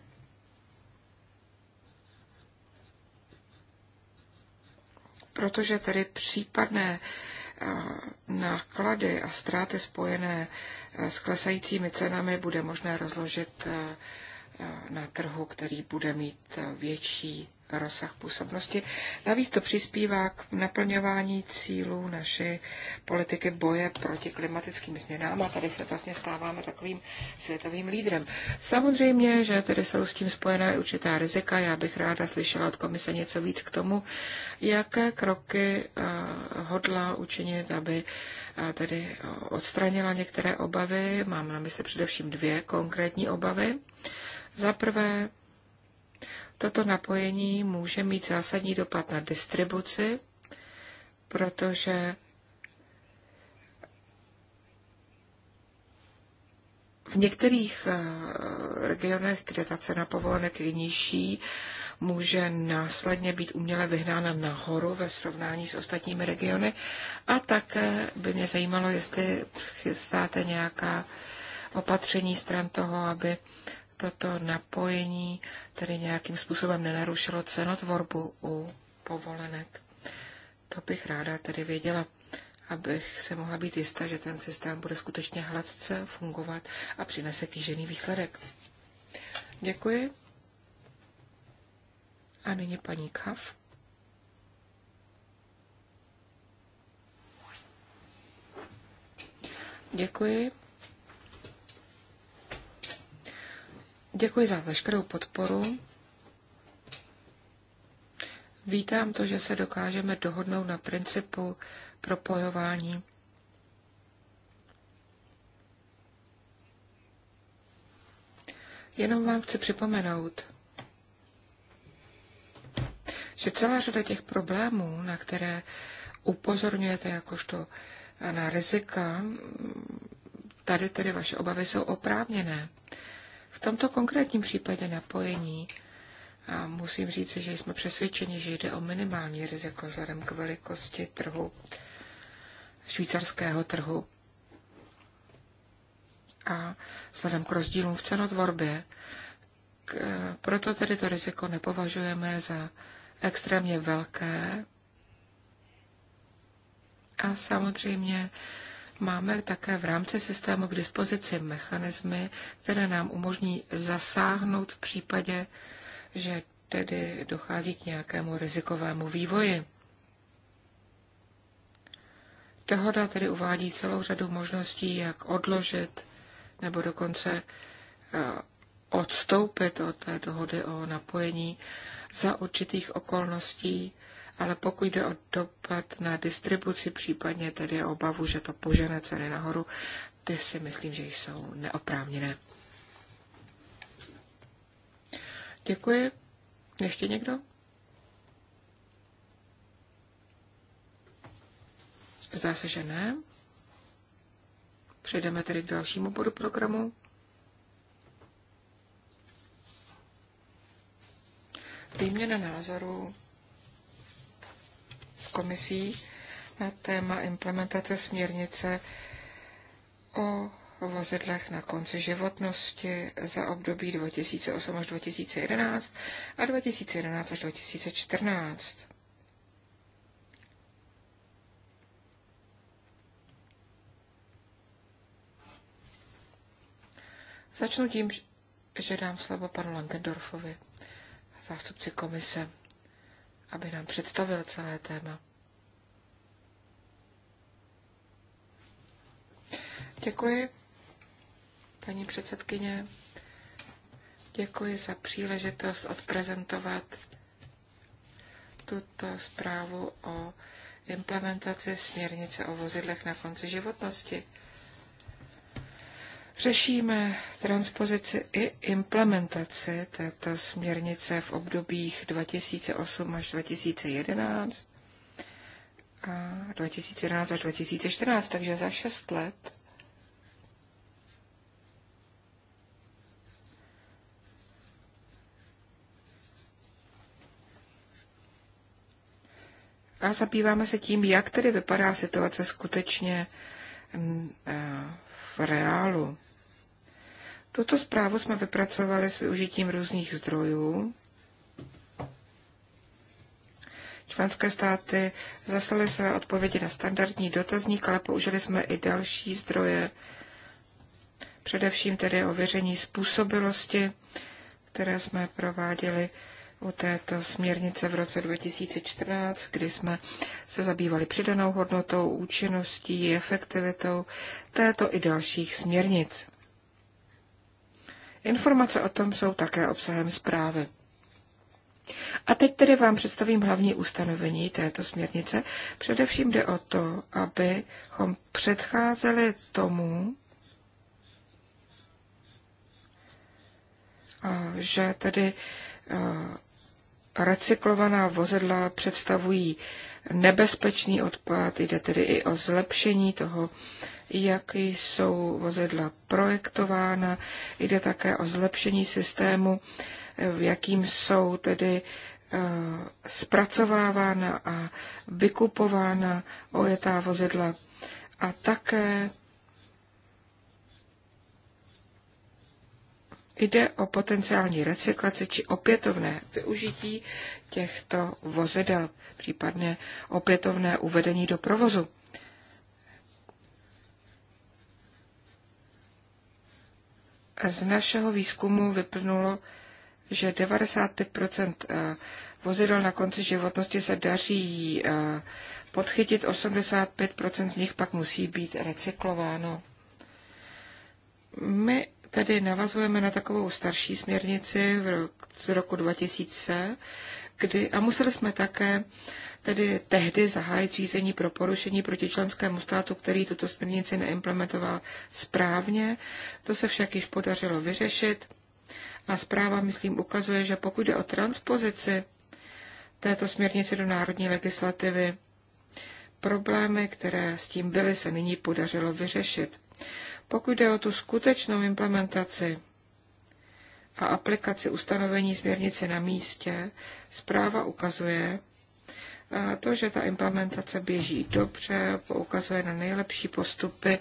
[SPEAKER 1] Protože tedy případné eh, náklady a ztráty spojené eh, s klesajícími cenami bude možné rozložit eh, na trhu, který bude mít větší rozsah působnosti. Navíc to přispívá k naplňování cílů naší politiky boje proti klimatickým změnám a tady se vlastně stáváme takovým světovým lídrem. Samozřejmě, že tady jsou s tím spojená i určitá rizika. Já bych ráda slyšela od komise něco víc k tomu, jaké kroky eh, hodla učinit, aby eh, tedy odstranila některé obavy. Mám na mysli především dvě konkrétní obavy. Za prvé, Toto napojení může mít zásadní dopad na distribuci, protože v některých eh, regionech, kde ta cena povolenek je nižší, může následně být uměle vyhnána nahoru ve srovnání s ostatními regiony. A také by mě zajímalo, jestli chystáte nějaká opatření stran toho, aby toto napojení tedy nějakým způsobem nenarušilo cenotvorbu u povolenek. To bych ráda tedy věděla, abych se mohla být jistá, že ten systém bude skutečně hladce fungovat a přinese kýžený výsledek. Děkuji. A nyní paní Kav. Děkuji. Děkuji za veškerou podporu. Vítám to, že se dokážeme dohodnout na principu propojování. Jenom vám chci připomenout, že celá řada těch problémů, na které upozorňujete jakožto na rizika, tady tedy vaše obavy jsou oprávněné. V tomto konkrétním případě napojení a musím říct, že jsme přesvědčeni, že jde o minimální riziko vzhledem k velikosti trhu, švýcarského trhu a vzhledem k rozdílům v cenotvorbě. K, e, proto tedy to riziko nepovažujeme za extrémně velké. A samozřejmě máme také v rámci systému k dispozici mechanismy, které nám umožní zasáhnout v případě, že tedy dochází k nějakému rizikovému vývoji. Dohoda tedy uvádí celou řadu možností, jak odložit nebo dokonce eh, odstoupit od té dohody o napojení za určitých okolností, ale pokud jde o dopad na distribuci, případně tedy obavu, že to požene ceny nahoru, ty si myslím, že jsou neoprávněné. Děkuji. Ještě někdo? Zdá se, že ne. Přejdeme tedy k dalšímu bodu programu. Výměna názorů komisí na téma implementace směrnice o vozidlech na konci životnosti za období 2008 až 2011 a 2011 až 2014. Začnu tím, že dám slovo panu Langendorfovi, zástupci komise, aby nám představil celé téma. Děkuji, paní předsedkyně. Děkuji za příležitost odprezentovat tuto zprávu o implementaci směrnice o vozidlech na konci životnosti. Řešíme transpozici i implementaci této směrnice v obdobích 2008 až 2011 a 2011 až 2014, takže za 6 let a zabýváme se tím, jak tedy vypadá situace skutečně mm, eh, v reálu. Tuto zprávu jsme vypracovali s využitím různých zdrojů. Členské státy zaslaly své odpovědi na standardní dotazník, ale použili jsme i další zdroje, především tedy ověření způsobilosti, které jsme prováděli u této směrnice v roce 2014, kdy jsme se zabývali přidanou hodnotou, účinností, efektivitou této i dalších směrnic. Informace o tom jsou také obsahem zprávy. A teď tedy vám představím hlavní ustanovení této směrnice. Především jde o to, abychom předcházeli tomu, že tedy recyklovaná vozidla představují nebezpečný odpad, jde tedy i o zlepšení toho, jak jsou vozidla projektována, jde také o zlepšení systému, jakým jsou tedy eh, zpracovávána a vykupována ojetá vozidla a také Jde o potenciální recyklaci či opětovné využití těchto vozidel, případně opětovné uvedení do provozu. Z našeho výzkumu vyplnulo, že 95 eh, vozidel na konci životnosti se daří eh, podchytit, 85 z nich pak musí být recyklováno. My tedy navazujeme na takovou starší směrnici z roku 2000, kdy, a museli jsme také tedy tehdy zahájit řízení pro porušení proti členskému státu, který tuto směrnici neimplementoval správně. To se však již podařilo vyřešit. A zpráva, myslím, ukazuje, že pokud jde o transpozici této směrnice do národní legislativy, problémy, které s tím byly, se nyní podařilo vyřešit. Pokud jde o tu skutečnou implementaci a aplikaci ustanovení směrnice na místě, zpráva ukazuje, a eh, to, že ta implementace běží dobře, poukazuje na nejlepší postupy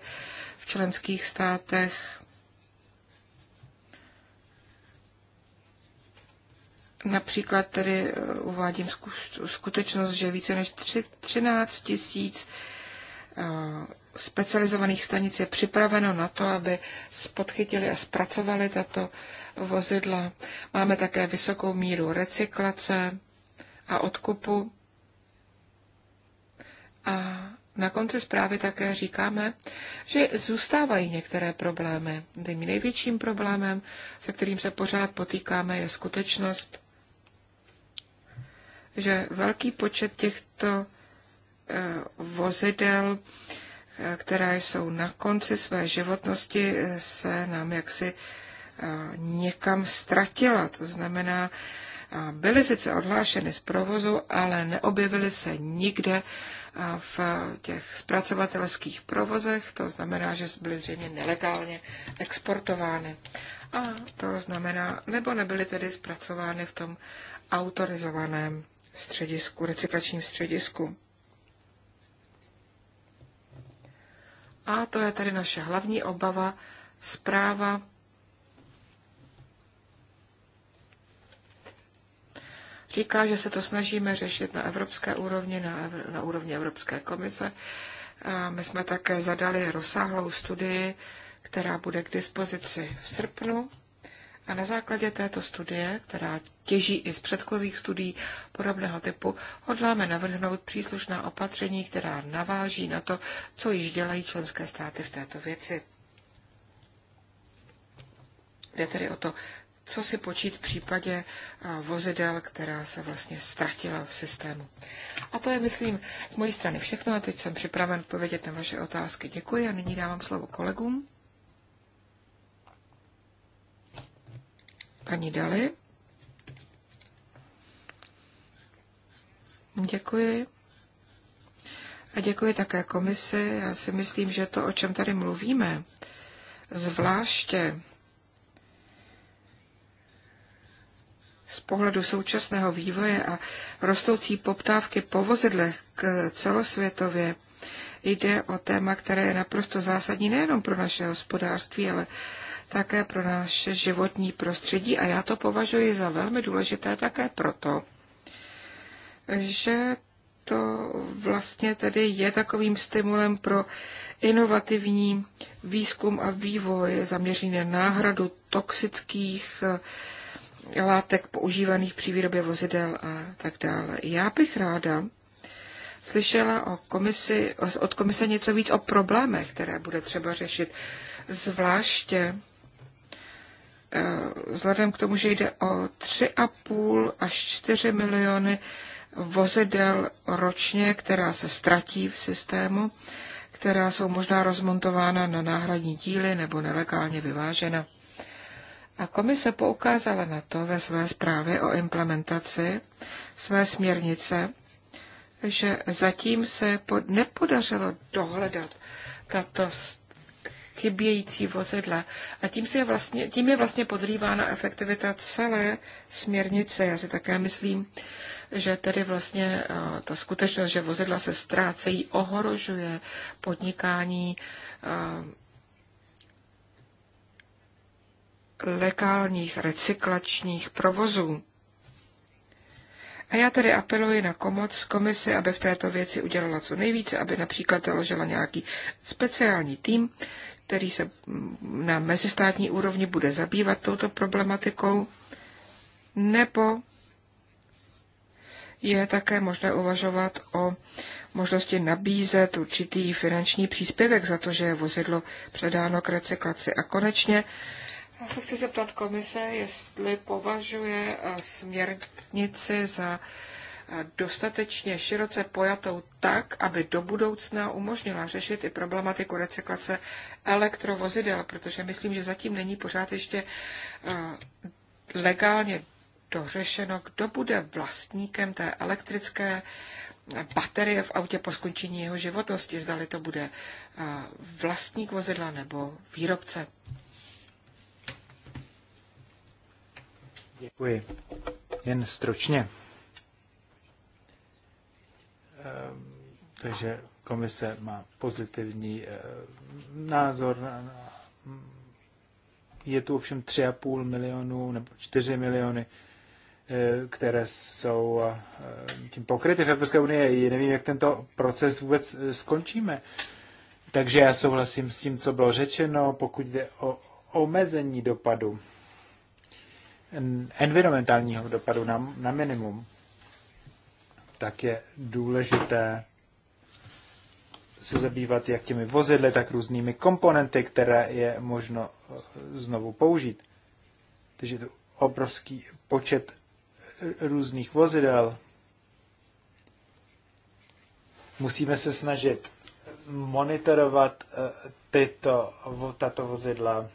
[SPEAKER 1] v členských státech. Například tedy eh, uvádím skutečnost, že více než 13 tisíc eh, specializovaných stanic je připraveno na to, aby podchytili a zpracovali tato vozidla. Máme také vysokou míru recyklace a odkupu. A na konci zprávy také říkáme, že zůstávají některé problémy. Tým největším problémem, se kterým se pořád potýkáme, je skutečnost, že velký počet těchto eh, vozidel které jsou na konci své životnosti, se nám jaksi eh, někam ztratila. To znamená, eh, byly sice odhlášeny z provozu, ale neobjevily se nikde eh, v těch zpracovatelských provozech, to znamená, že byly zřejmě nelegálně exportovány. A to znamená, nebo nebyly tedy zpracovány v tom autorizovaném středisku, recyklačním středisku. A to je tady naše hlavní obava. Zpráva říká, že se to snažíme řešit na evropské úrovni, na, na úrovni Evropské komise. A my jsme také zadali rozsáhlou studii, která bude k dispozici v srpnu. A na základě této studie, která těží i z předchozích studií podobného typu, hodláme navrhnout příslušná opatření, která naváží na to, co již dělají členské státy v této věci. Jde tedy o to, co si počít v případě vozidel, která se vlastně ztratila v systému. A to je, myslím, z mojí strany všechno a teď jsem připraven odpovědět na vaše otázky. Děkuji a nyní dávám slovo kolegům. Paní Dali. Děkuji. A děkuji také komisi. Já si myslím, že to, o čem tady mluvíme, zvláště z pohledu současného vývoje a rostoucí poptávky po vozidlech k celosvětově, jde o téma, které je naprosto zásadní nejenom pro naše hospodářství, ale také pro naše životní prostředí a já to považuji za velmi důležité také proto, že to vlastně tedy je takovým stimulem pro inovativní výzkum a vývoj zaměřený na náhradu toxických eh, látek používaných při výrobě vozidel a tak dále. Já bych ráda slyšela o komisi, od komise něco víc o problémech, které bude třeba řešit, zvláště Eh, vzhledem k tomu, že jde o 3,5 až 4 miliony vozidel ročně, která se ztratí v systému, která jsou možná rozmontována na náhradní díly nebo nelegálně vyvážena. A komise poukázala na to ve své zprávě o implementaci své směrnice, že zatím se nepodařilo dohledat tato chybějící vozidla. A tím, se je, vlastně, tím je vlastně podrývána efektivita celé směrnice. Já si také myslím, že tedy vlastně eh, ta skutečnost, že vozidla se ztrácejí, ohrožuje podnikání eh, legálních recyklačních provozů. A já tedy apeluji na komoc komisi, aby v této věci udělala co nejvíce, aby například založila nějaký speciální tým, který se na mezistátní úrovni bude zabývat touto problematikou, nebo je také možné uvažovat o možnosti nabízet určitý finanční příspěvek za to, že je vozidlo předáno k recyklaci. A konečně já se chci zeptat komise, jestli považuje eh, směrnici za eh, dostatečně široce pojatou tak, aby do budoucna umožnila řešit i problematiku recyklace elektrovozidel, protože myslím, že zatím není pořád ještě eh, legálně dořešeno, kdo bude vlastníkem té elektrické eh, baterie v autě po skončení jeho životnosti, zdali to bude eh, vlastník vozidla nebo výrobce.
[SPEAKER 2] Děkuji. Jen stručně. Ehm, takže komise má pozitivní eh, názor. Je tu ovšem 3,5 milionů nebo 4 miliony, eh, které jsou eh, tím pokryty v Evropské unii. Nevím, jak tento proces vůbec skončíme. Takže já souhlasím s tím, co bylo řečeno, pokud jde o omezení dopadu, environmentálního dopadu na, na minimum, tak je důležité se zabývat jak těmi vozidly, tak různými komponenty, které je možno eh, znovu použít. Takže to obrovský počet eh, různých vozidel. Musíme se snažit monitorovat eh, tyto, tato vozidla.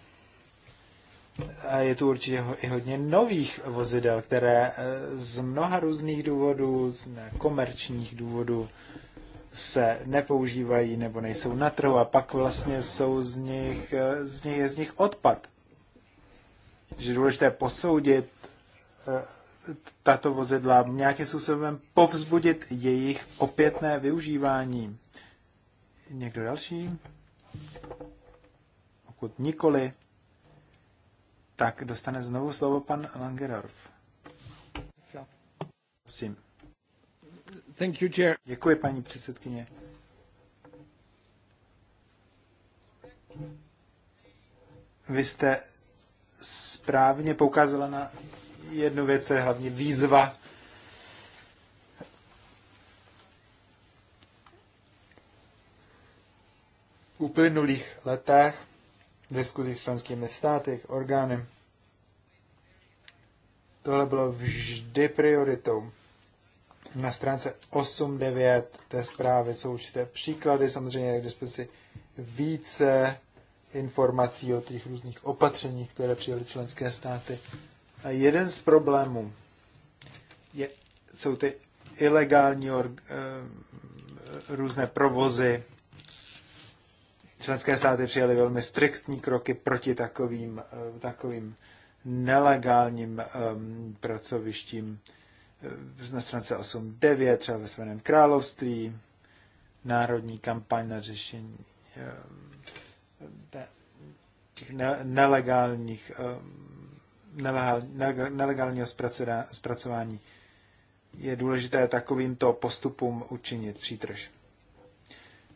[SPEAKER 2] A je tu určitě i hodně nových vozidel, které z mnoha různých důvodů, z komerčních důvodů, se nepoužívají nebo nejsou na trhu a pak vlastně jsou z nich, z nich, je z nich odpad. Takže je důležité posoudit eh, tato vozidla, nějakým způsobem povzbudit jejich opětné využívání. Někdo další? Pokud nikoli, tak dostane znovu slovo pan Langerorf. Prosím. Děkuji, paní předsedkyně. Vy jste správně poukázala na jednu věc, to je hlavně výzva uplynulých letech diskuzích s členskými státy, orgány. Tohle bylo vždy prioritou. Na stránce 8.9 té zprávy jsou určité příklady, samozřejmě je k dispozici více informací o těch různých opatřeních, které přijaly členské státy. A jeden z problémů je, jsou ty ilegální or, e, eh, různé provozy. Členské státy přijaly velmi striktní kroky proti takovým, e, takovým nelegálním e, pracovištím. E, na stránce 8.9, třeba ve Sveném království, národní kampaň na řešení eh, těch nelegálních, eh, nelegálního zpracování. Je důležité takovýmto postupům učinit přítrž.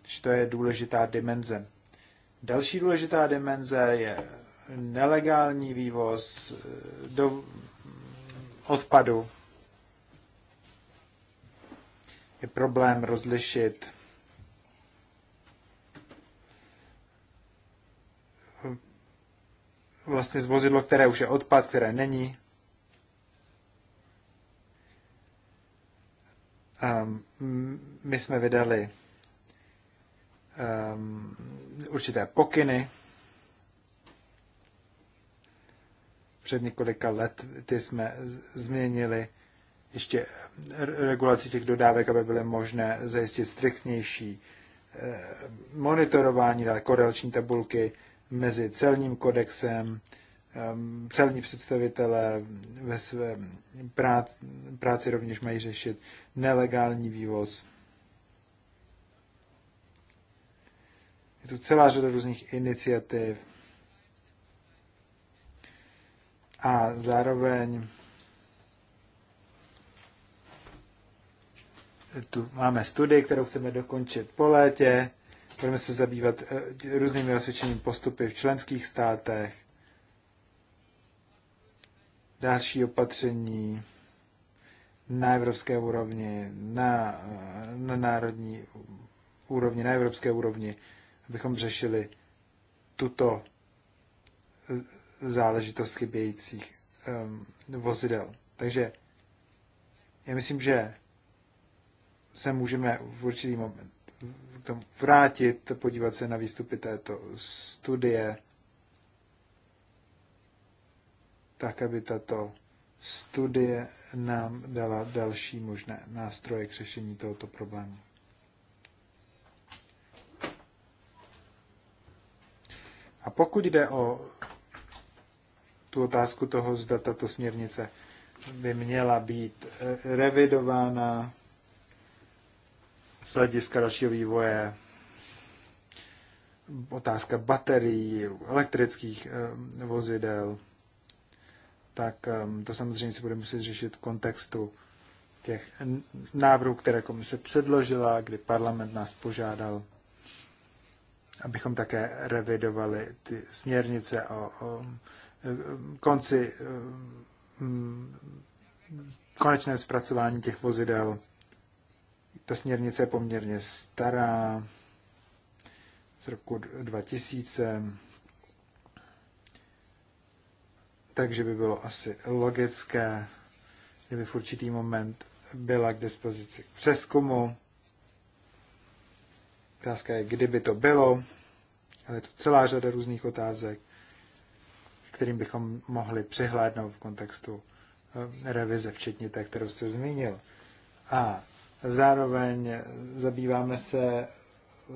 [SPEAKER 2] Takže to je důležitá dimenze. Další důležitá dimenze je nelegální vývoz eh, do odpadu je problém rozlišit vlastně z vozidlo, které už je odpad, které není. Um, my jsme vydali um, určité pokyny před několika let ty jsme změnili ještě regulaci těch dodávek, aby byly možné zajistit striktnější eh, monitorování, dále korelační tabulky mezi celním kodexem, ehm, celní představitelé ve své práci rovněž mají řešit nelegální vývoz. Je tu celá řada různých iniciativ a zároveň tu máme studii, kterou chceme dokončit po létě. Budeme se zabývat eh, různými osvědčenými postupy v členských státech. Další opatření na evropské úrovni, na, eh, na národní úrovni, na evropské úrovni, abychom řešili tuto eh, záležitost chybějících um, vozidel. Takže já myslím, že se můžeme v určitý moment k tomu vrátit, podívat se na výstupy této studie, tak, aby tato studie nám dala další možné nástroje k řešení tohoto problému. A pokud jde o tu otázku toho, zda tato směrnice by měla být revidována, z hlediska dalšího vývoje, otázka baterií, elektrických eh, vozidel, tak ehm, to samozřejmě se bude muset řešit v kontextu těch návrhů, které komise předložila, kdy parlament nás požádal, abychom také revidovali ty směrnice o, o eh, konci eh, konečné zpracování těch vozidel ta směrnice je poměrně stará, z roku 2000, takže by bylo asi logické, kdyby v určitý moment byla k dispozici k přeskumu. Otázka je, kdyby to bylo, ale je tu celá řada různých otázek, kterým bychom mohli přihlédnout v kontextu eh, revize, včetně té, kterou jste zmínil. A Zároveň zabýváme se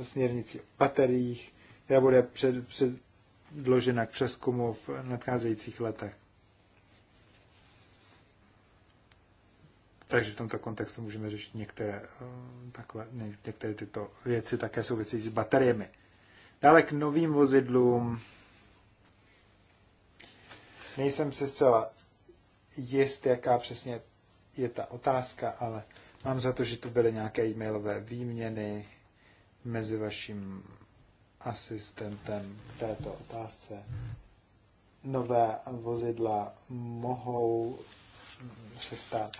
[SPEAKER 2] směrnicí o bateriích, která bude před, předložena k přeskumu v nadcházejících letech. Takže v tomto kontextu můžeme řešit některé, eh, takové, některé tyto věci také související s bateriemi. Dále k novým vozidlům. Nejsem si zcela jist, jaká přesně je ta otázka, ale Mám za to, že tu byly nějaké e-mailové výměny mezi vaším asistentem v této otázce. Nové vozidla mohou se stát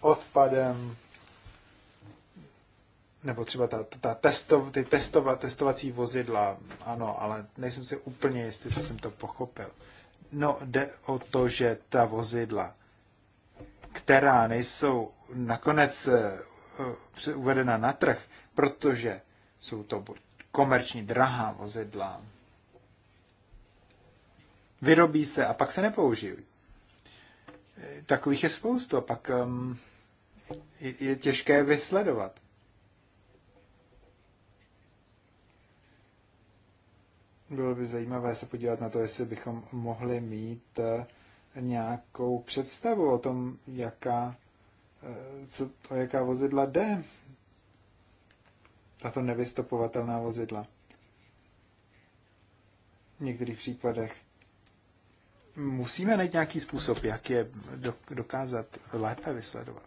[SPEAKER 2] odpadem, nebo třeba ta, ta testo, ty testova, testovací vozidla, ano, ale nejsem si úplně jistý, jestli jsem to pochopil. No, jde o to, že ta vozidla, která nejsou nakonec eh, eh, uvedena na trh, protože jsou to komerční drahá vozidla. Vyrobí se a pak se nepoužijí. Eh, takových je spoustu a pak um, je těžké vysledovat. Bylo by zajímavé se podívat na to, jestli bychom mohli mít nějakou představu o tom, jaká Eh, co, o jaká vozidla jde. Tato nevystopovatelná vozidla. V některých případech musíme najít nějaký způsob, jak je dokázat lépe vysledovat.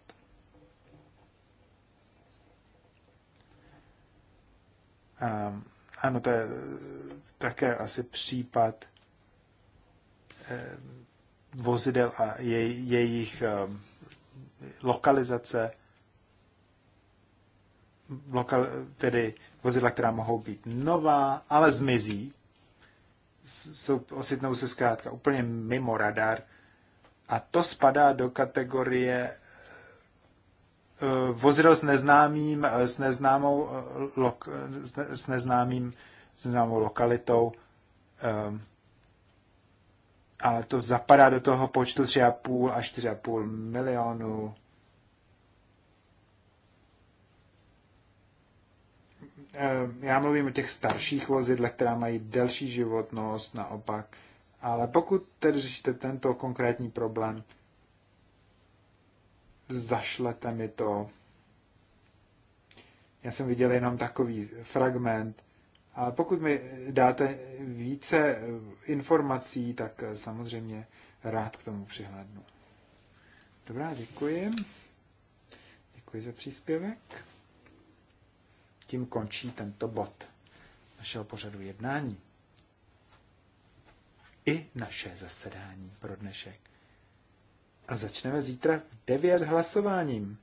[SPEAKER 2] Um, ano, to je eh, také asi případ eh, vozidel a jej, jejich ehm, lokalizace, lokal, tedy vozidla, která mohou být nová, ale zmizí, jsou, ositnou se zkrátka úplně mimo radar. A to spadá do kategorie e, vozidel s neznámým, e, s neznámou, e, lok, s neznámým, s neznámou lokalitou, ale to zapadá do toho počtu 3,5 až 4,5 milionů. Eh, já mluvím o těch starších vozidlech, která mají delší životnost, naopak. Ale pokud tedy řešíte tento konkrétní problém, zašlete mi to. Já jsem viděl jenom takový fragment a pokud mi dáte více eh, informací, tak eh, samozřejmě rád k tomu přihlédnu. Dobrá, děkuji. Děkuji za příspěvek. Tím končí tento bod našeho pořadu jednání. I naše zasedání pro dnešek. A začneme zítra v 9 hlasováním.